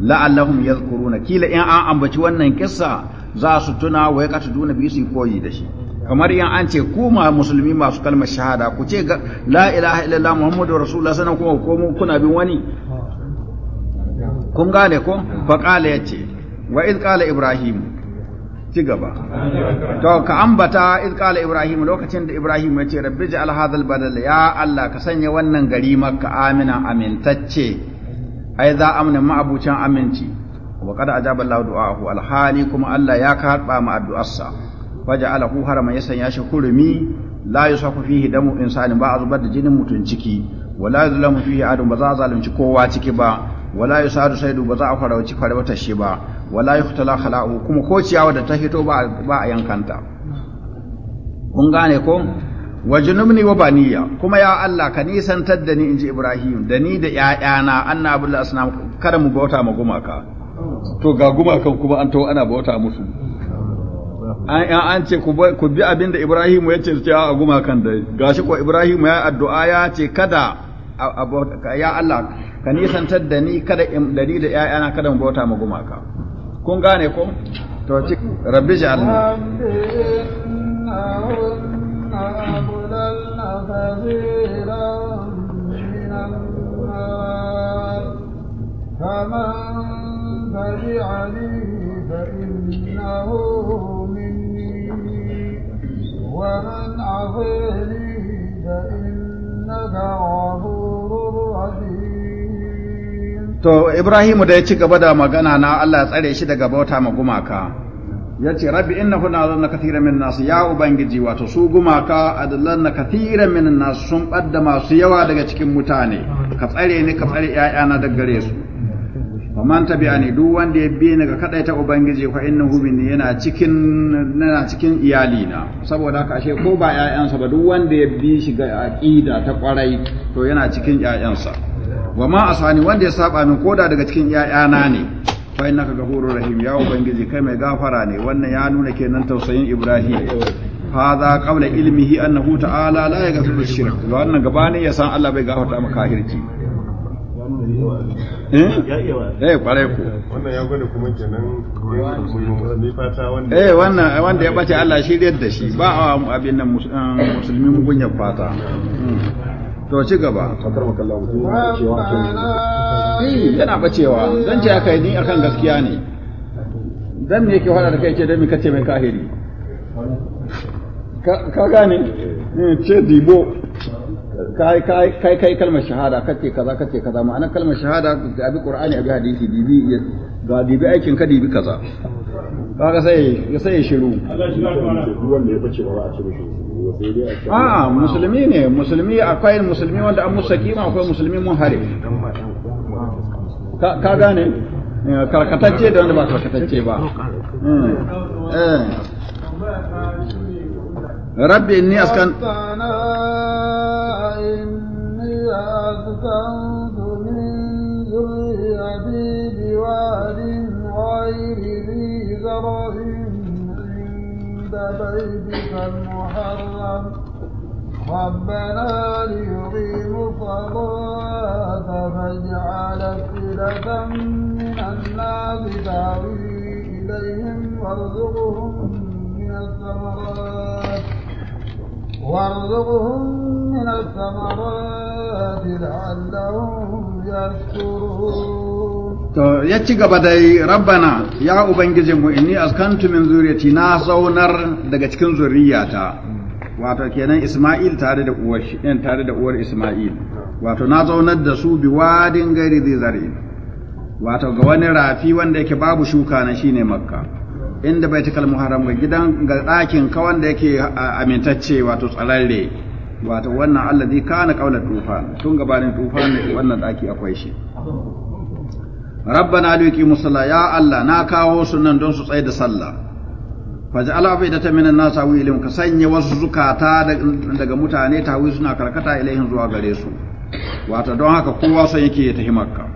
la'allahum yadhkuruna kila in an ambaci wannan kissa za su tuna wa yaqtuduna bi su koyi da shi kamar yan an ce ku ma musulmi masu kalmar shahada ku ce la ilaha illallah muhammadu rasulullah sanan kuma ko kuna bin wani kun gane ko fa qala yace wa id qala ibrahim ci gaba to ka ambata iz qala ibrahim lokacin da ibrahim ya ce rabbi ja'al hadhal badal ya allah ka sanya wannan gari makka amina amintacce ai za amna ma'abucin aminci wa qad ajaba allah du'ahu alhali kuma allah ya karba ma addu'arsa faja'alahu harama ya sanya shi kurmi la yusaku fihi damu insani ba a zubar da jinin mutun ciki wala yuzlamu fihi adun ba za a zalunci kowa ciki ba wala Sadu saidu ba za a farauci wata shi ba wala yuhtala khala'u kuma ko ciyawa da ta hito ba a yankanta kun gane ko wajnubni wa baniya kuma ya Allah ka nisantar da ni inji Ibrahim da ni da ƴaƴana anna abul asnam kada mu bauta ma gumaka to ga gumakan kuma an tawo ana bauta musu an an ce ku bi abinda Ibrahim ya ce ce a gumakan da gashi ko Ibrahim ya addu'a ya ce kada ya Allah ka nisantar da ni kada in da ni da ƴaƴana kada mu bauta mu gumaka kun gane ko to ci rabbi ja'alni فمن تبعني فإنه to ibrahimu da ya ci gaba da magana na Allah ya tsare shi daga bauta ma gumaka ya ce rabbi innahu na kathiran min nasu ya ubangiji wato su gumaka adallan kathiran min nasu sun badda masu yawa daga cikin mutane ka tsare ni ka tsare 'ya'yana daga gare su wa man ni duk wanda ya bi ni ga ta ubangiji fa innahu ni yana cikin yana cikin iyalina saboda haka ashe ko ba 'ya'yansa ba duk wanda ya bi shi ga aqida ta kwarai to yana cikin 'ya'yansa. wa ma asani wanda ya saba min koda daga cikin iyayana ne fa innaka ghafurur rahim ya ubangiji kai mai gafara ne wannan ya nuna kenan tausayin ibrahim hadha qabla ilmihi annahu ta'ala la yaghfiru shirk wannan gabani ya san Allah bai gafarta maka kafirci eh, eh kware ku wannan ya gode kuma kenan ni fata wanda eh wannan wanda ya bace Allah shi da shi ba abin nan eh, musulmi gunya fata hmm. to ci gaba yana bacewa don ce aka yi ni akan gaskiya ne dan me yake faɗa da kai ce don ka kace mai kahiri ka gane eh, ce dibo kai kai kai kalmar shahada kace kaza kace kaza ma'ana kalmar shahada abi qur'ani abi hadisi bibi ga bibi aikin ka bibi kaza kaga sai ya shiru a musulmi ne musulmi akwai musulmi wanda an musa kima akwai musulmi mun hare ka gane karkatacce da wanda ba karkatacce ba eh. Eh. rabbi inni askan أسكنت من ذريتي بواد غير ذي زرع عند بيتك المحرم ربنا ليقيم الصلاة فاجعل أفئدة من الناس تهوي إليهم وارزقهم من الثمرات وارزقهم to ya ci gaba da rabbana ya ubangijinmu inni askantu min zuriyati na zaunar daga cikin zuriyata wato kenan Isma'il tare da uwar shi eh, tare da uwar Isma'il wato na zaunar da su biwadin gairi zai zare wato ga wani rafi wanda yake babu shuka na shine makka inda baitul muharram ga gidan ga ɗakin ka wanda yake amintacce wato tsalalle wato wannan allazi kana qaula tufan tun gabanin tufan wannan daki akwai shi rabbana liki musalla ya allah na kawo su nan don su tsaye da sallah faj'al afidatan minan nas awilin ka sanya wasu zukata daga mutane ta tawi suna karkata ilaihin zuwa gare su wato don haka kowa son yake ya tafi makka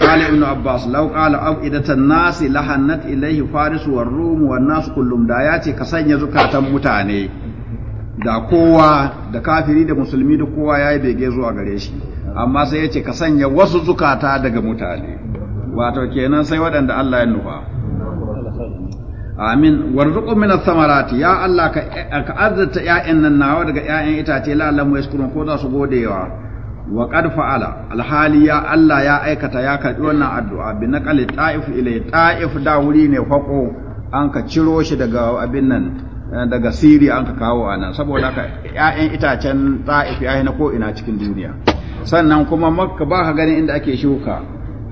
قال ابن عباس لو قال أفئدة الناس لهنت إليه فارس والروم والناس كلهم داياتي كسن يزكاة متاني da kowa da kafiri da musulmi da kowa ya yi bege zuwa gare shi amma sai ya ce ka sanya wasu zukata daga mutane wato kenan sai waɗanda Allah ya nufa amin warzuqu min ath ya Allah ka ka azzata ya'yan nan nawa daga ya'yan itace la lam yashkurun ko za su godewa wa qad fa'ala alhali ya Allah ya aikata ya karbi wannan addu'a bi naqali ta'if ilay ta'if da wuri ne fako an ka ciro shi daga abin nan Eh, daga siri an ka kawo a nan saboda haka ‘ya'yan itacen ta'ifi ya na ko'ina cikin duniya sannan kuma makka ba ka ganin inda ake shuka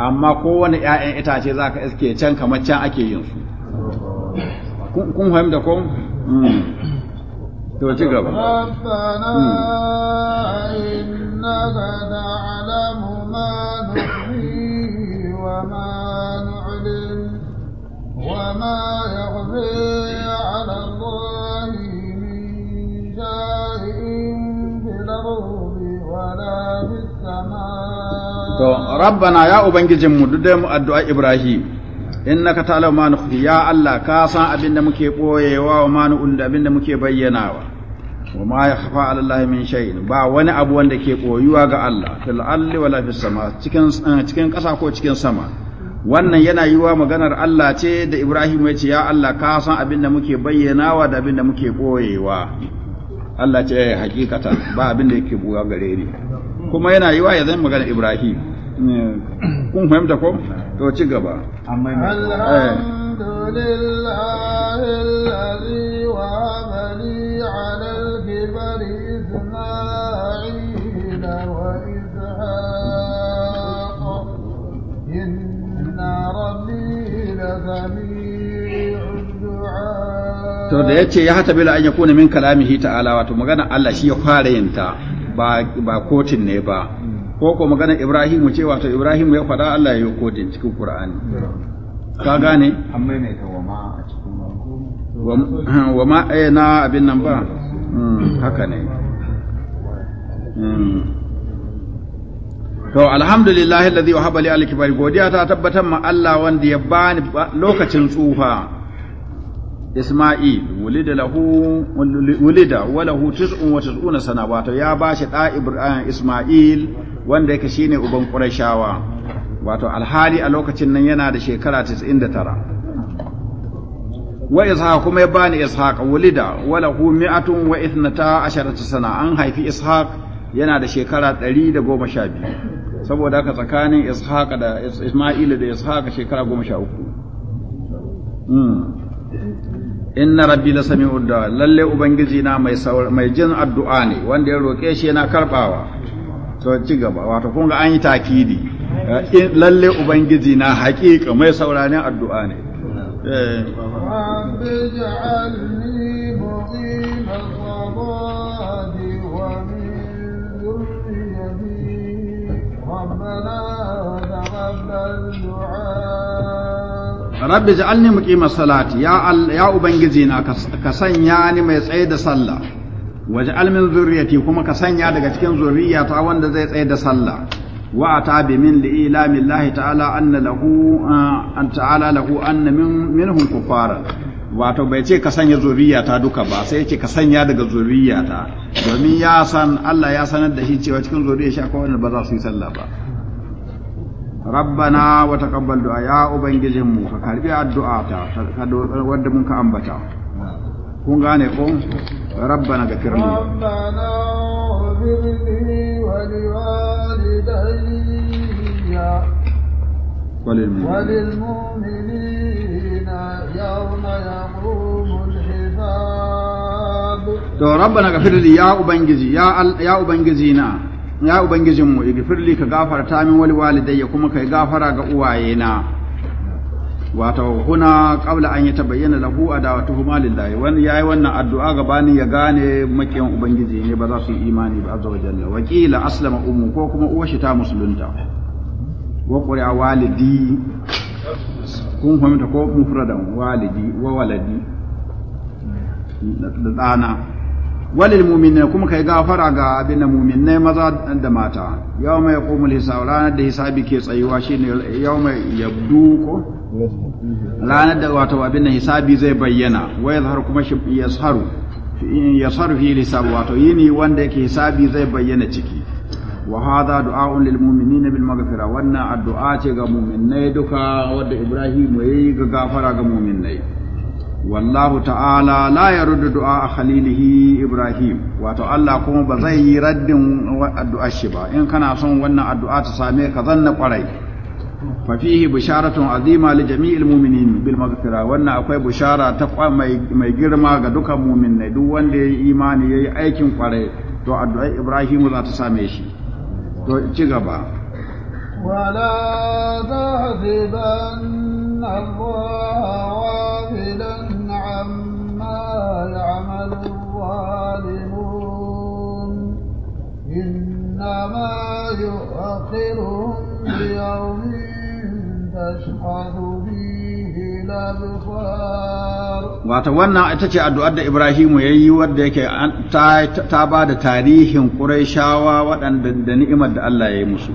amma kowane ‘ya'yan itace za ka iske can kamar can ake yin su kun fahimta ko? kun? Hmm. ci gaba وما على hmm. to rabbana ya ubangijin mu duk mu addu'a ibrahim innaka ta'lamu ma nukhfi ya allah ka san abin da muke boyewa wa ma da abin da muke bayyanawa wa ma ya 'ala allahi min shay'in ba wani abu wanda ke koyuwa ga allah fil ardi wala fis sama cikin eh, cikin ƙasa ko cikin sama wannan yana yi wa maganar Allah ce da Ibrahim ya ce, Ya Allah, ka san abin da muke bayyanawa da abin da muke ɓoyewa. Allah ce ya eh, hakikata ba abin da yake buga gare ni kuma yana yi wa ya zama magana Ibrahim eh, kun fahimta ko to ci gaba eh. alhamdulillahi alladhi to da yace ya hata bila an kuna min kalamihi ta'ala wato magana Allah shi ya fara yin ta ba ba kotin ne ba ko ko magana Ibrahim ce wato Ibrahim ya fada Allah ya yi kotin cikin Qur'ani ka gane amma ne ta wama a cikin wama eh na abin nan ba hmm, haka ne hmm. To alhamdulillah alladhi wahaba li al-kibari godiya ta tabbatar ma Allah wanda ya bani lokacin tsufa Isma'il wulida lahu wulida wa lahu tis'un wa tis'una sana wato ya bashi da Ibrahim Isma'il wanda yake shine uban Qurayshawa wato alhali a lokacin nan yana da shekara 99 wa ishaq kuma ya bani ishaq wulida wa lahu mi'atun wa ithnata asharata sana an haifi ishaq yana da shekara 112 saboda haka tsakanin ishaq da Isma'il da ishaq shekara 13 mm inna rabbi la sami'ud da lalle ubangiji na mai mai jin addu'a ne wanda ya roke shi yana karbawa to ci gaba wato kun ga an yi takidi eh, lalle ubangiji na haƙiƙa mai sauranin addu'a ne ربنا تقبل دعاء rabbi ja'alni muqima salati ya ya ubangiji na ka sanya ni mai tsaye da sallah waj'al min zurriyati kuma ka sanya daga cikin zurriyata wanda zai tsaye da sallah wa atabi min li'ilami Allah ta'ala anna lahu an ta'ala lahu anna min minhum wato bai ce ka sanya zurriyata duka ba sai ce ka sanya daga zurriyata domin ya san Allah ya sanar da shi cewa cikin zurriyar shi akwai wanda ba za su yi sallah ba rabbana wa taqabbal du'a ya ubangijin mu ka karbi addu'a ta wanda mun ka ambata kun gane ko rabbana gafir li rabbana wa liwalidayya ya ubangiji ya ya ubangiji na ya ubangijinmu igfirli ka gafarta min walidai ya kuma kai gafara ga uwayena wato huna qabla an bayyana lahu huma lillahi wani yi wannan addu'a bani ya gane makiyan ubangiji ne ba za su yi imani ba azza wa jalla aslama ummu ko kuma uwashi ta musulunta wa qura walidi kun fahimta ko mufradan walidi wa waladi da dana walil mu'minina kuma kai gafara ga abin mu'minai maza da mata yau mai kuma hisab ranar da hisabi ke tsayuwa shine yau mai yabdu ko ranar da wato abin hisabi zai bayyana wa zahar kuma shi ya yazharu fi hisab wato yini wanda yake hisabi zai bayyana ciki wa hadha du'a'un lil mu'minina bil maghfira wannan addu'a ce ga mu'minai duka wanda Ibrahim yayi ga gafara ga mu'minai wallahu ta'ala la yaruddu du'a khalilihi ibrahim wato Allah kuma ba zai yi raddin addu'ar shi ba in kana son wannan addu'a ta same ka zanna kwarai fa fihi bisharatun azima li jami'il mu'minin bil maghfira wannan akwai bishara ta mai mai girma ga dukkan mu'minai duk wanda yayi imani yayi aikin kwarai to addu'a ibrahim za ta same shi to ci gaba ولا تحسبن الله غافلا العمل الظالمون إنما يؤخرهم فيه الأبصار wato wannan ita ce addu'ar da Ibrahimu ya yi wadda yake ta ba da tarihin Qurayshawa waɗanda da ni'imar da Allah ya yi musu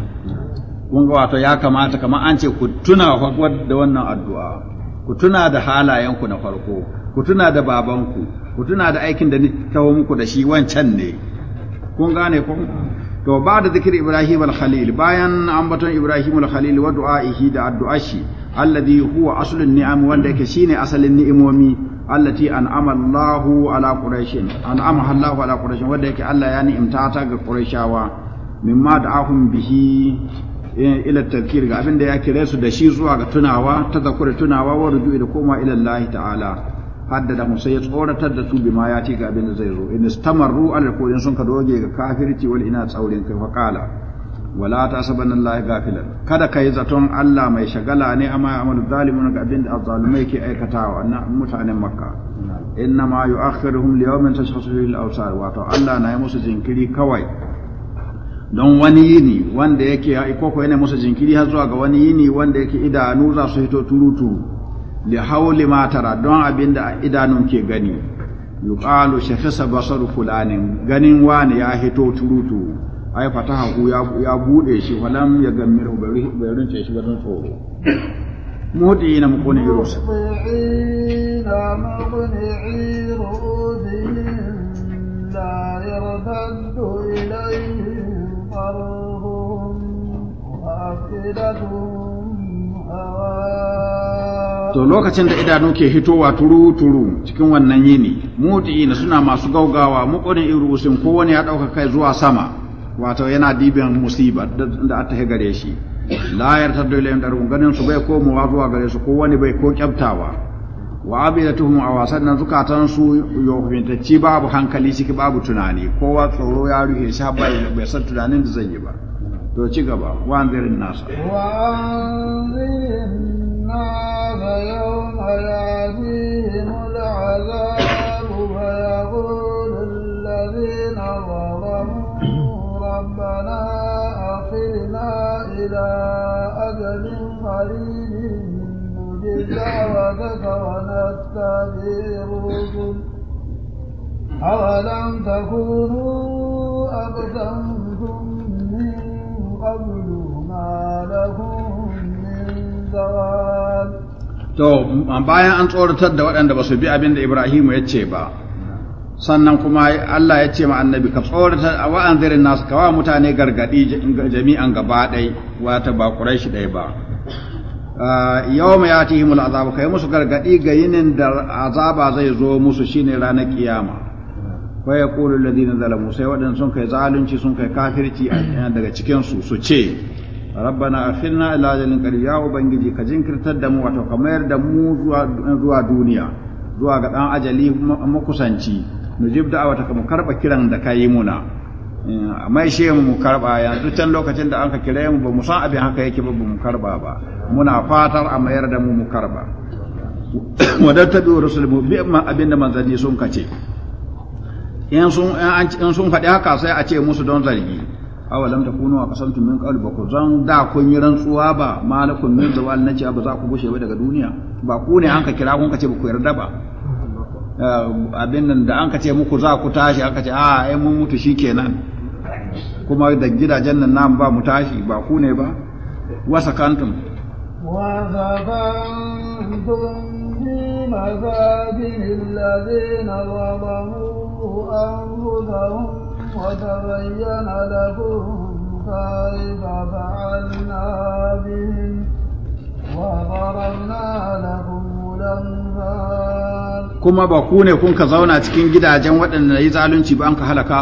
kun ga wato ya kamata kamar an ce ku tuna da wannan addu'a ku tuna da halayenku na farko ku tuna da babanku ku tuna da aikin da taho muku da shi wancan ne kun gane kun to ba da zikir ibrahim al-khalil bayan ambaton ibrahim al-khalil wa du'a'ihi da addu'ashi alladhi huwa aslun ni'am wanda yake shine asalin ni'imomi allati an'ama Allahu ala quraishin an'ama Allahu ala wanda yake Allah ya ni'imta ta ga quraishawa mimma da'ahum bihi eh, ila tafkir ga abinda ya kire su da shi zuwa ga tunawa ta zakura tunawa wa ruju'i da koma ila Allah ta'ala haddada musa ya tsoratar da su bima ya ci ga abin da zai zo in istamarru ala kodin sun ka doge ga kafirci wal ina tsaurin kai faqala wala tasabanna allahi gafilan kada kai zaton Allah mai shagala ne amma amalu zalimun ga abin da azzalumai ke aikatawa na mutanen makka inna ma yu'akhiruhum li yawmin tashkhasu fihi al-absar wato Allah na yi musu jinkiri kawai don wani yini wanda yake ko ko yana musu jinkiri har zuwa ga wani yini wanda yake idanu za su hito turu li hauli ma tara don abinda idanun ke gani yuqalu shafisa basaru fulanin ganin wani ya hito turutu ai fataha ku ya ya bude shi walam ya bari bai ce shi don tsoro mudi na mukuni yurus لا يرتد إليهم قلبهم to lokacin da idanu ke hitowa turu-turu cikin wannan yini muti'ina suna masu gaugawa mukurin irusin kowane ya ɗauka kai zuwa sama wato yana dibin musiba da ta ta gare shi la ta dole ilayen ɗarkun ganin su bai komowa zuwa gare su kowane bai ko kyabtawa wa abidatuhum a wasan nan zukatan su ci babu hankali ciki babu tunani kowa tsoro ya rufe shi bai san tunanin da zai yi ba to ci gaba wanzirin nasa wanzirin nasa فيأتيهم العذاب فيقول الذين ظلموا ربنا أخرنا إلى أجل قريب نجد دعوتك ونتبع الرسل أولم تكونوا أقسمتم من قبل ما لكم من زوال to bayan an tsoratar da waɗanda ba su bi abin da Ibrahim ya ce ba sannan kuma Allah ya ce ma annabi ka tsoratar a wa’an zirin ka wa mutane gargadi jami'an gaba ɗai wata ba shi ɗai ba Yau ah, yawma yatihimul azabu kai musu gargaɗi ga yinin da azaba zai zo musu shine ranar kiyama ya yaqulu alladhina zalamu sai waɗanda sun kai zalunci sun kai kafirci daga cikinsu su ce rabbana akhirna ila ajalin qarib wa Bangiji ka jinkirtar da mu wato ka mayar da mu zuwa duniya zuwa ga dan ajali makusanci nujib da'awata ka mu karba kiran da kayi muna eh, mai she mu mu karba yanzu can lokacin da anka kira mu ba mu san abin haka yake ba ba mu karba ba muna fatar a mayar da mu mu karba wadatta bi rusul mu bi amma abin da manzanni sun kace in sun in sun faɗi haka sai a ce musu don zargi awa lam takunu wa qasamtum min qabl ku? zan da kun yi rantsuwa ba malakum min zawal nace ba za ku bushe ba daga duniya ba ku ne an ka kira kun ka ce ba ku yarda ba eh, abin nan da an ka ce muku za ku tashi an ka ce a ah, ai mun mutu shikenan kuma da gidajen nan nan ba mu tashi ba ku ne ba wasa kantum wasa kantum مذابن الذين ظلموا أنفسهم وتبين لكم كيف فعلنا بهم وضربنا لكم الأمثال كما بكون كن كزونا تكين جدا جن ودن يزالون تبا أنك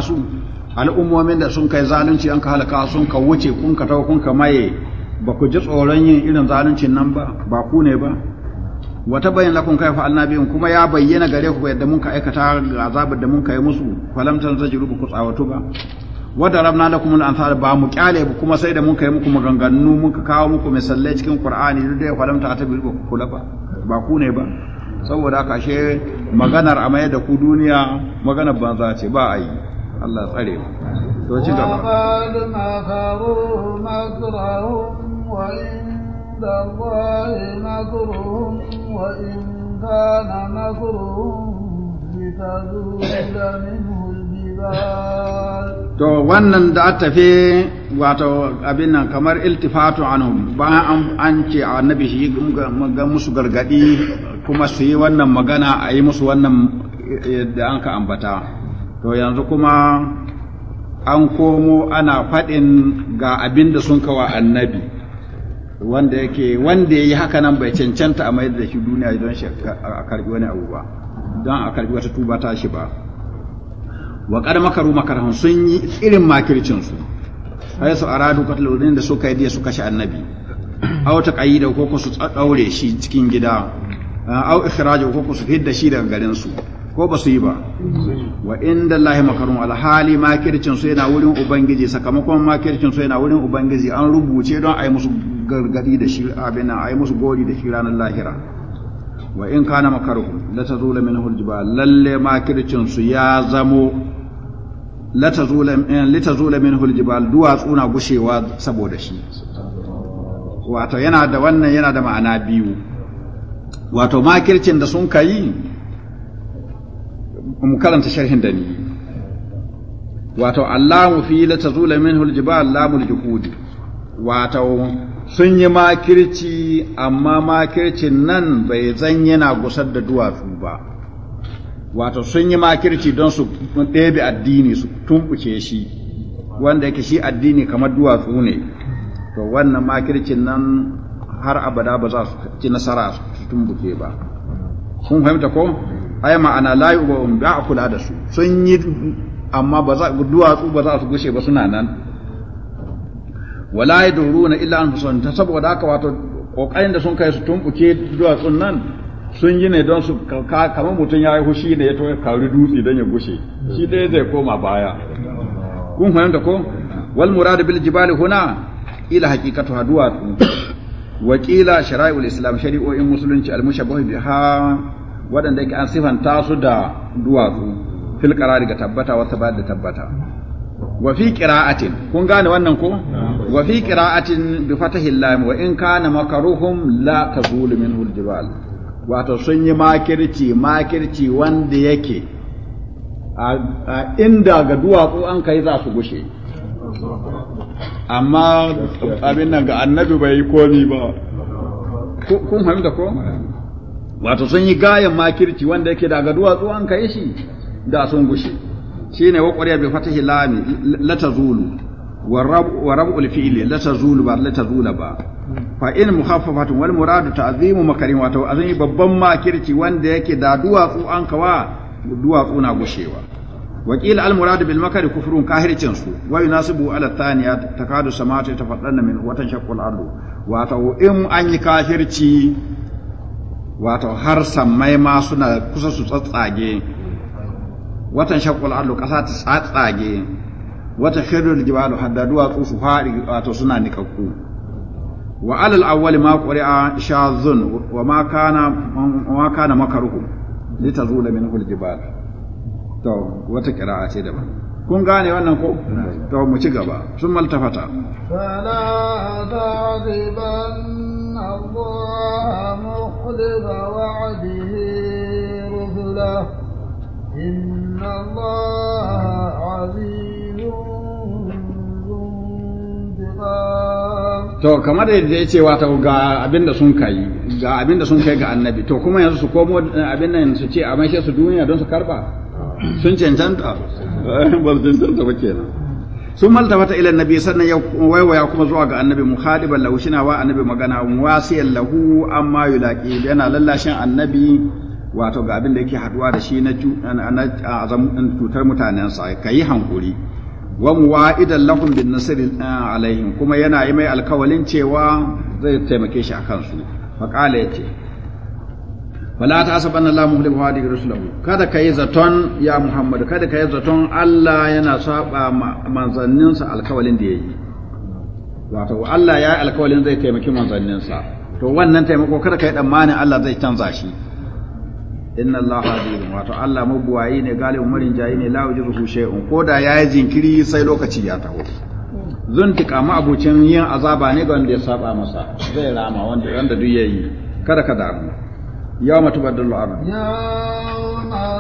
al'ummomin da sun kai zalunci an ka halaka sun ka wuce kun ka tau kun ka maye ba ku ji tsoron yin irin zaluncin nan ba ba ku ne ba wa tabayyana lakum kayfa annabiyun kuma ya bayyana gare ku yadda mun ka aikata ga azabar da mun kai musu falam zajiru ku tsawatu ba wa darabna lakum al ansar ba mu kyale ba kuma sai da mun kai muku maganganu mun ka kawo muku misalai cikin qur'ani duk dai falam ta bi ku kula ba ba ku ne ba saboda haka she maganar amaye da ku duniya maganar banza ce ba ai Allah tsare mu to ci gaba عند الله مكرهم وإن كان مكرهم لتزول منه الجبال to wannan da tafe wato abin nan kamar iltifatu anhum ba an ce annabi shi ga musu gargadi kuma su yi wannan magana a yi musu wannan eh, eh, da an ka ambata to yanzu kuma an komo ana faɗin ga abin da sun kawa annabi wanda yake wanda yayi haka nan bai cancanta a mayar da shi duniya don shi a karbi wani abu ba don a karbi wata tuba ta shi ba wa kar makaru makarhan sun yi irin makircin su hay su aradu qatlun da suka yi su shi annabi aw ta qayyida ko ko su daure shi cikin gida aw ikhraju ko ko su fidda shi daga garin su ko ba su yi ba wa inda lahi makarun alhali makircin su yana wurin ubangiji sakamakon makircin su yana wurin ubangiji an rubuce don a yi musu gargadi da shi abin a yi musu gori da shi ranar lahira wa in kana makarun la zula min aljibal lalle makircin su ya zamo la zula min eh, la tazula minhu aljibal duwatsu na gushewa saboda shi wato yana da wannan yana da ma'ana biyu wato makircin da sun kai mu karanta sharhin da ni wato allahu fi la tazula minhu aljibal la muljuhud wato sun yi makirci amma makircin nan bai zan yana gusar da duwatsu ba wato sun yi makirci don su ɗebe addini su tumɓuke shi wanda yake shi addini kamar duwatsu ne to wannan makircin nan har abada ba za su ci nasara su tumbuke ba kun fahimta ko ai ma'ana la yu'um ba a kula da su sun yi amma ba za duwatsu ba za su gushe ba suna nan wala na illa an ta saboda haka wato kokarin da sun kai su tumbuke duwatsun nan sun yi ne don su kamar mutum ya yi hushi da ya toye kauri dutse don ya gushe shi ɗaya zai koma baya kun fahimta ko wal murad bil jibali huna ila haqiqatu duwatsu. wa qila shara'il islam shari'o'in musulunci al mushabbah biha waɗanda yake an sifanta su da duwatsu fil qarari ga tabbata wa ba da tabbata wa fi qira'atin kun gane wannan ko wa fi qira'atin bi fatahil lam wa in kana makaruhum la tazulu minhu al jibal wato sun yi makirci makirci wanda yake a inda ga duwatsu an kai za su gushe amma abin nan ga annabi bai yi komi ba kun fahimta ko wato sun yi gayan makirci wanda yake daga duwatsu an kai shi da sun gushe shine ne qariya bai fatihi lami Lata-Zulu? wa rabu fi'li Lata-Zulu ba Lata-Zula ba fa in mukhaffafatun wal muradu ta'zimu makarin wato azan babban makirci wanda yake da duwatsu an kawa duwatsu na gushewa وقيل المراد بالمكر كفر كاهر تنسو ويناسب على الثانية تكاد السماوات يتفطرن منه وتنشق الأرض in an yi kahirci. wato har sammai ma suna kusa su tsatsage watan shakul ardu kasa ta tsatsage wata shirul jibalu hadda duwatsu su fadi wato suna nikakku wa alal awwali ma sha zun wa ma kana wa kana makaruhu litazula minhu aljibal to wata qira'a ce daban kun gane wannan ko to mu ci gaba sun maltafata fala ta'ziban الله مخلف وعده رسله إن الله عزيز ذو انتقام to kamar da ya ce wata ga abin da sun kai ga abin da sun kai ga annabi to kuma yanzu su komo eh, abin nan su ce a maishe su duniya don su karba ah. sun cancanta eh, ba su cancanta ba kenan sun maltafata ilan nabi sannan ya waiwaya kuma zuwa ga annabi muhadiban lahu shina wa annabi magana wasiyan lahu amma yulaqi yana lallashin annabi wato ga abin da yake haduwa da shi na cutar mutanen ka yi hankuri wa muwa'idan lahum bin nasri alaihim kuma yana yi mai alkawalin cewa zai taimake shi a kansu faqala yace fala ta asaban Allah muhlik wa hadi rasulahu kada kai zaton ya Muhammad kada kai zaton Allah yana saba manzannin sa alkawalin da yayi wato Allah ya alkawalin zai taimaki manzannin sa to wannan taimako kada kai mani Allah zai canza shi inna Allah hadirun wato Allah mabuwayi ne galibin marin jayi ne la yujiru shay'un koda yayi jinkiri sai lokaci ya taho zuntika ma abucin yin azaba ne ga wanda ya saba masa zai rama wanda wanda duk yayi kada ka damu يوم تبدل الأرض يوم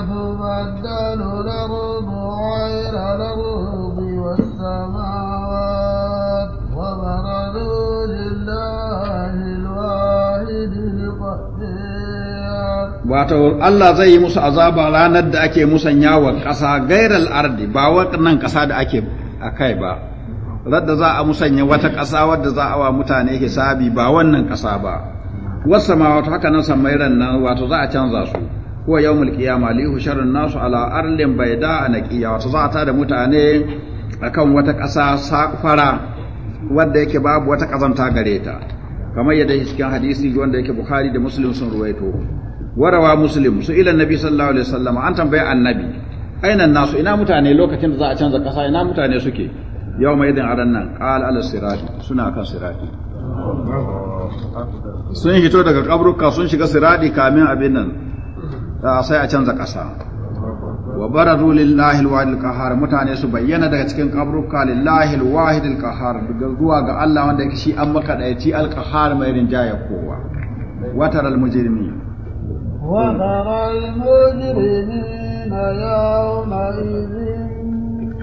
تبدل الأرض غير الأرض والسماوات وبرزوا لله الواحد القهار wato Allah zai yi musu azaba ranar da ake musanya wa ƙasa gairar ardi ba waɗannan ƙasa da ake a kai ba radda za a musanya wata ƙasa wadda za a wa mutane hisabi ba wannan ƙasa ba wasu wato haka nan samai nan wato za a canza su ko yawmul qiyama li husharun nasu ala arlin bayda anaqiya wato za a tada mutane akan wata ƙasa safara wadda yake babu wata ƙazanta gare ta kamar yadda cikin hadisi wanda yake bukhari da muslim sun ruwaito warawa muslim su ila nabi sallallahu alaihi wasallam an tambaya annabi aina nasu ina mutane lokacin da za a canza ƙasa ina mutane suke yawma idin aran nan qala al sirati suna kan sirati sun hito daga kabruka sun shiga siradi kamin abin nan sai a canza ƙasa wa barazu lillahi alwahid alqahar mutane su bayyana daga cikin kabruka lillahi alwahid alqahar daga zuwa ga Allah wanda yake shi an maka daici alqahar mai rinjaya kowa watar almujrimin wa tara almujrimina yawma idhin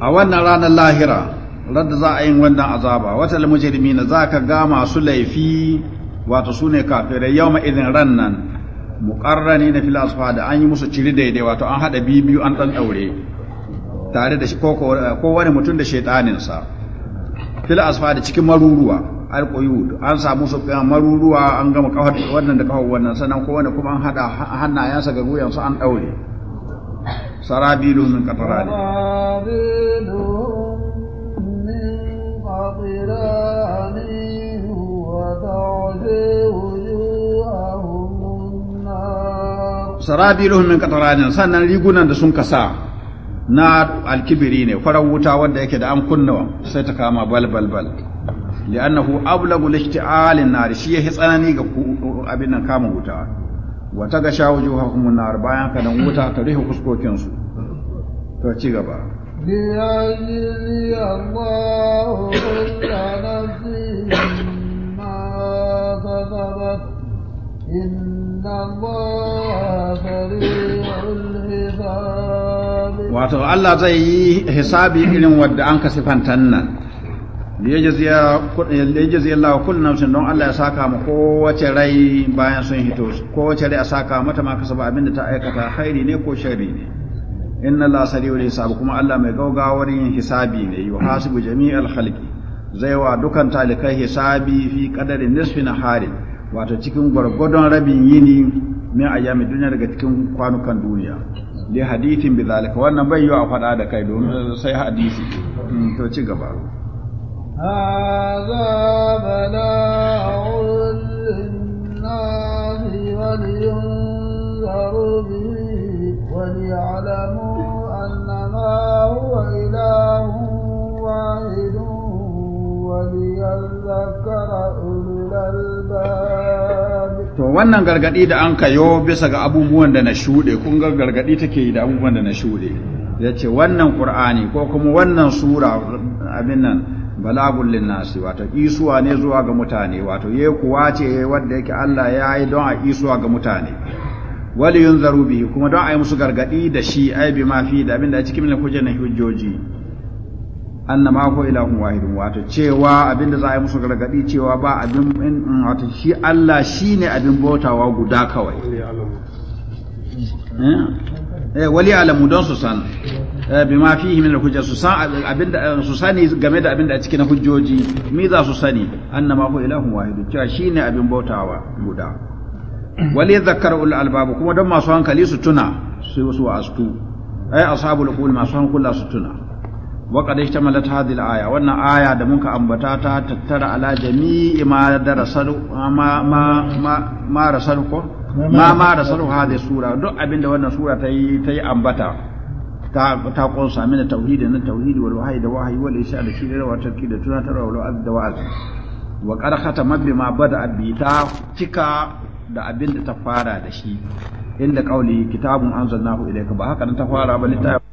a wannan ranar lahira radda za a yin wannan azaba wata mujrimina za ka ga masu laifi wato su ne kafirai yawma idin ran nan muqarrani na fil da an yi musu ciri daidai wato an hada biyu an dan daure tare da ko wani mutum da shaytanin sa fil cikin maruruwa alquyud an samu su maruruwa an gama kawar wannan da kawar wannan sanan ko wani kuma an hada hannayensa ga wuyan an daure sarabilu min qatarani قرانه min وجوههم sannan rigunan da sun kasa na alkibiri ne farar wuta wanda yake da an kunnawa sai ta kama bal bal bal li'annahu ablagu lishti'alin nar shi yake tsanani ga abin nan kama wuta Wata ga gasha wujuhahum nar bayan kadan wuta ta rihe kuskokin su to ci gaba wato Allah zai yi hisabi irin wadda an ka fantan nan liyajaziya Allah kullu nafsin don Allah ya saka ma kowace rai bayan sun hito kowace rai a saka mata ma kasaba abinda ta aikata hairi ne ko shari ne inna la sari'ul hisab kuma Allah mai gaugawar yin hisabi ne yuhasibu jami'al khalqi zai wa dukan talikai hisabi fi qadari nisfi nahari wato cikin gwargwadon rabin yini min ayami duniya daga cikin kwanukan duniya li hadithin bidhalika wannan bai yi a fada da kai domin sai hadisi hmm, to ci gaba هذا بلاء للناس ولينذروا به فليعلموا أنما هو إله واحد وليذكر أولو الألباب to wannan gargadi da an kayo bisa ga abubuwan da na shuɗe kun ga gargadi take da abubuwan da na shuɗe ya ce wannan ƙur'ani ko kuma wannan sura abin nan balagun linnasi wato isuwa ne zuwa ga mutane wato ye kuwa ce wadda yake Allah ya yi don a isuwa ga mutane wali yunzaru zarubi kuma don a yi musu gargadi da shi ai bi mafi da abin da a cikin milin hujjar hujjoji anna ma ko ilahun wahidun wato cewa abin da za a yi musu gargadi cewa ba abin wato shi Allah shine abin bautawa guda kawai eh, eh wali alamu don su san eh, bi ma fihi min al-hujja su san abin da su sani game da abin da a cikin hujjoji me za su sani anna ma ko ilahun wahidun cewa shine abin bautawa guda wali zakkar ul albabu kuma don masu hankali su tuna su su astu ai ashabul qul masu hankula su tuna wa qad ishtamalat hadhihi aya wannan aya da muka ambata ta tattara ala jami'i ma darasal ma ma ma rasal ko ma ma rasal hadhihi sura duk abinda wannan sura ta yi ta yi ambata ta ta kunsa mina tauhidi na tauhidi wal wahyi da wahyi wal isha da shirra wa tarkida tunatarwa wal wa'az da wa'az wa qad khatama bima bada bi ta cika da abin da ta fara da shi inda kauli kitabun anzalnahu ilayka ba haka nan ta fara ba littafin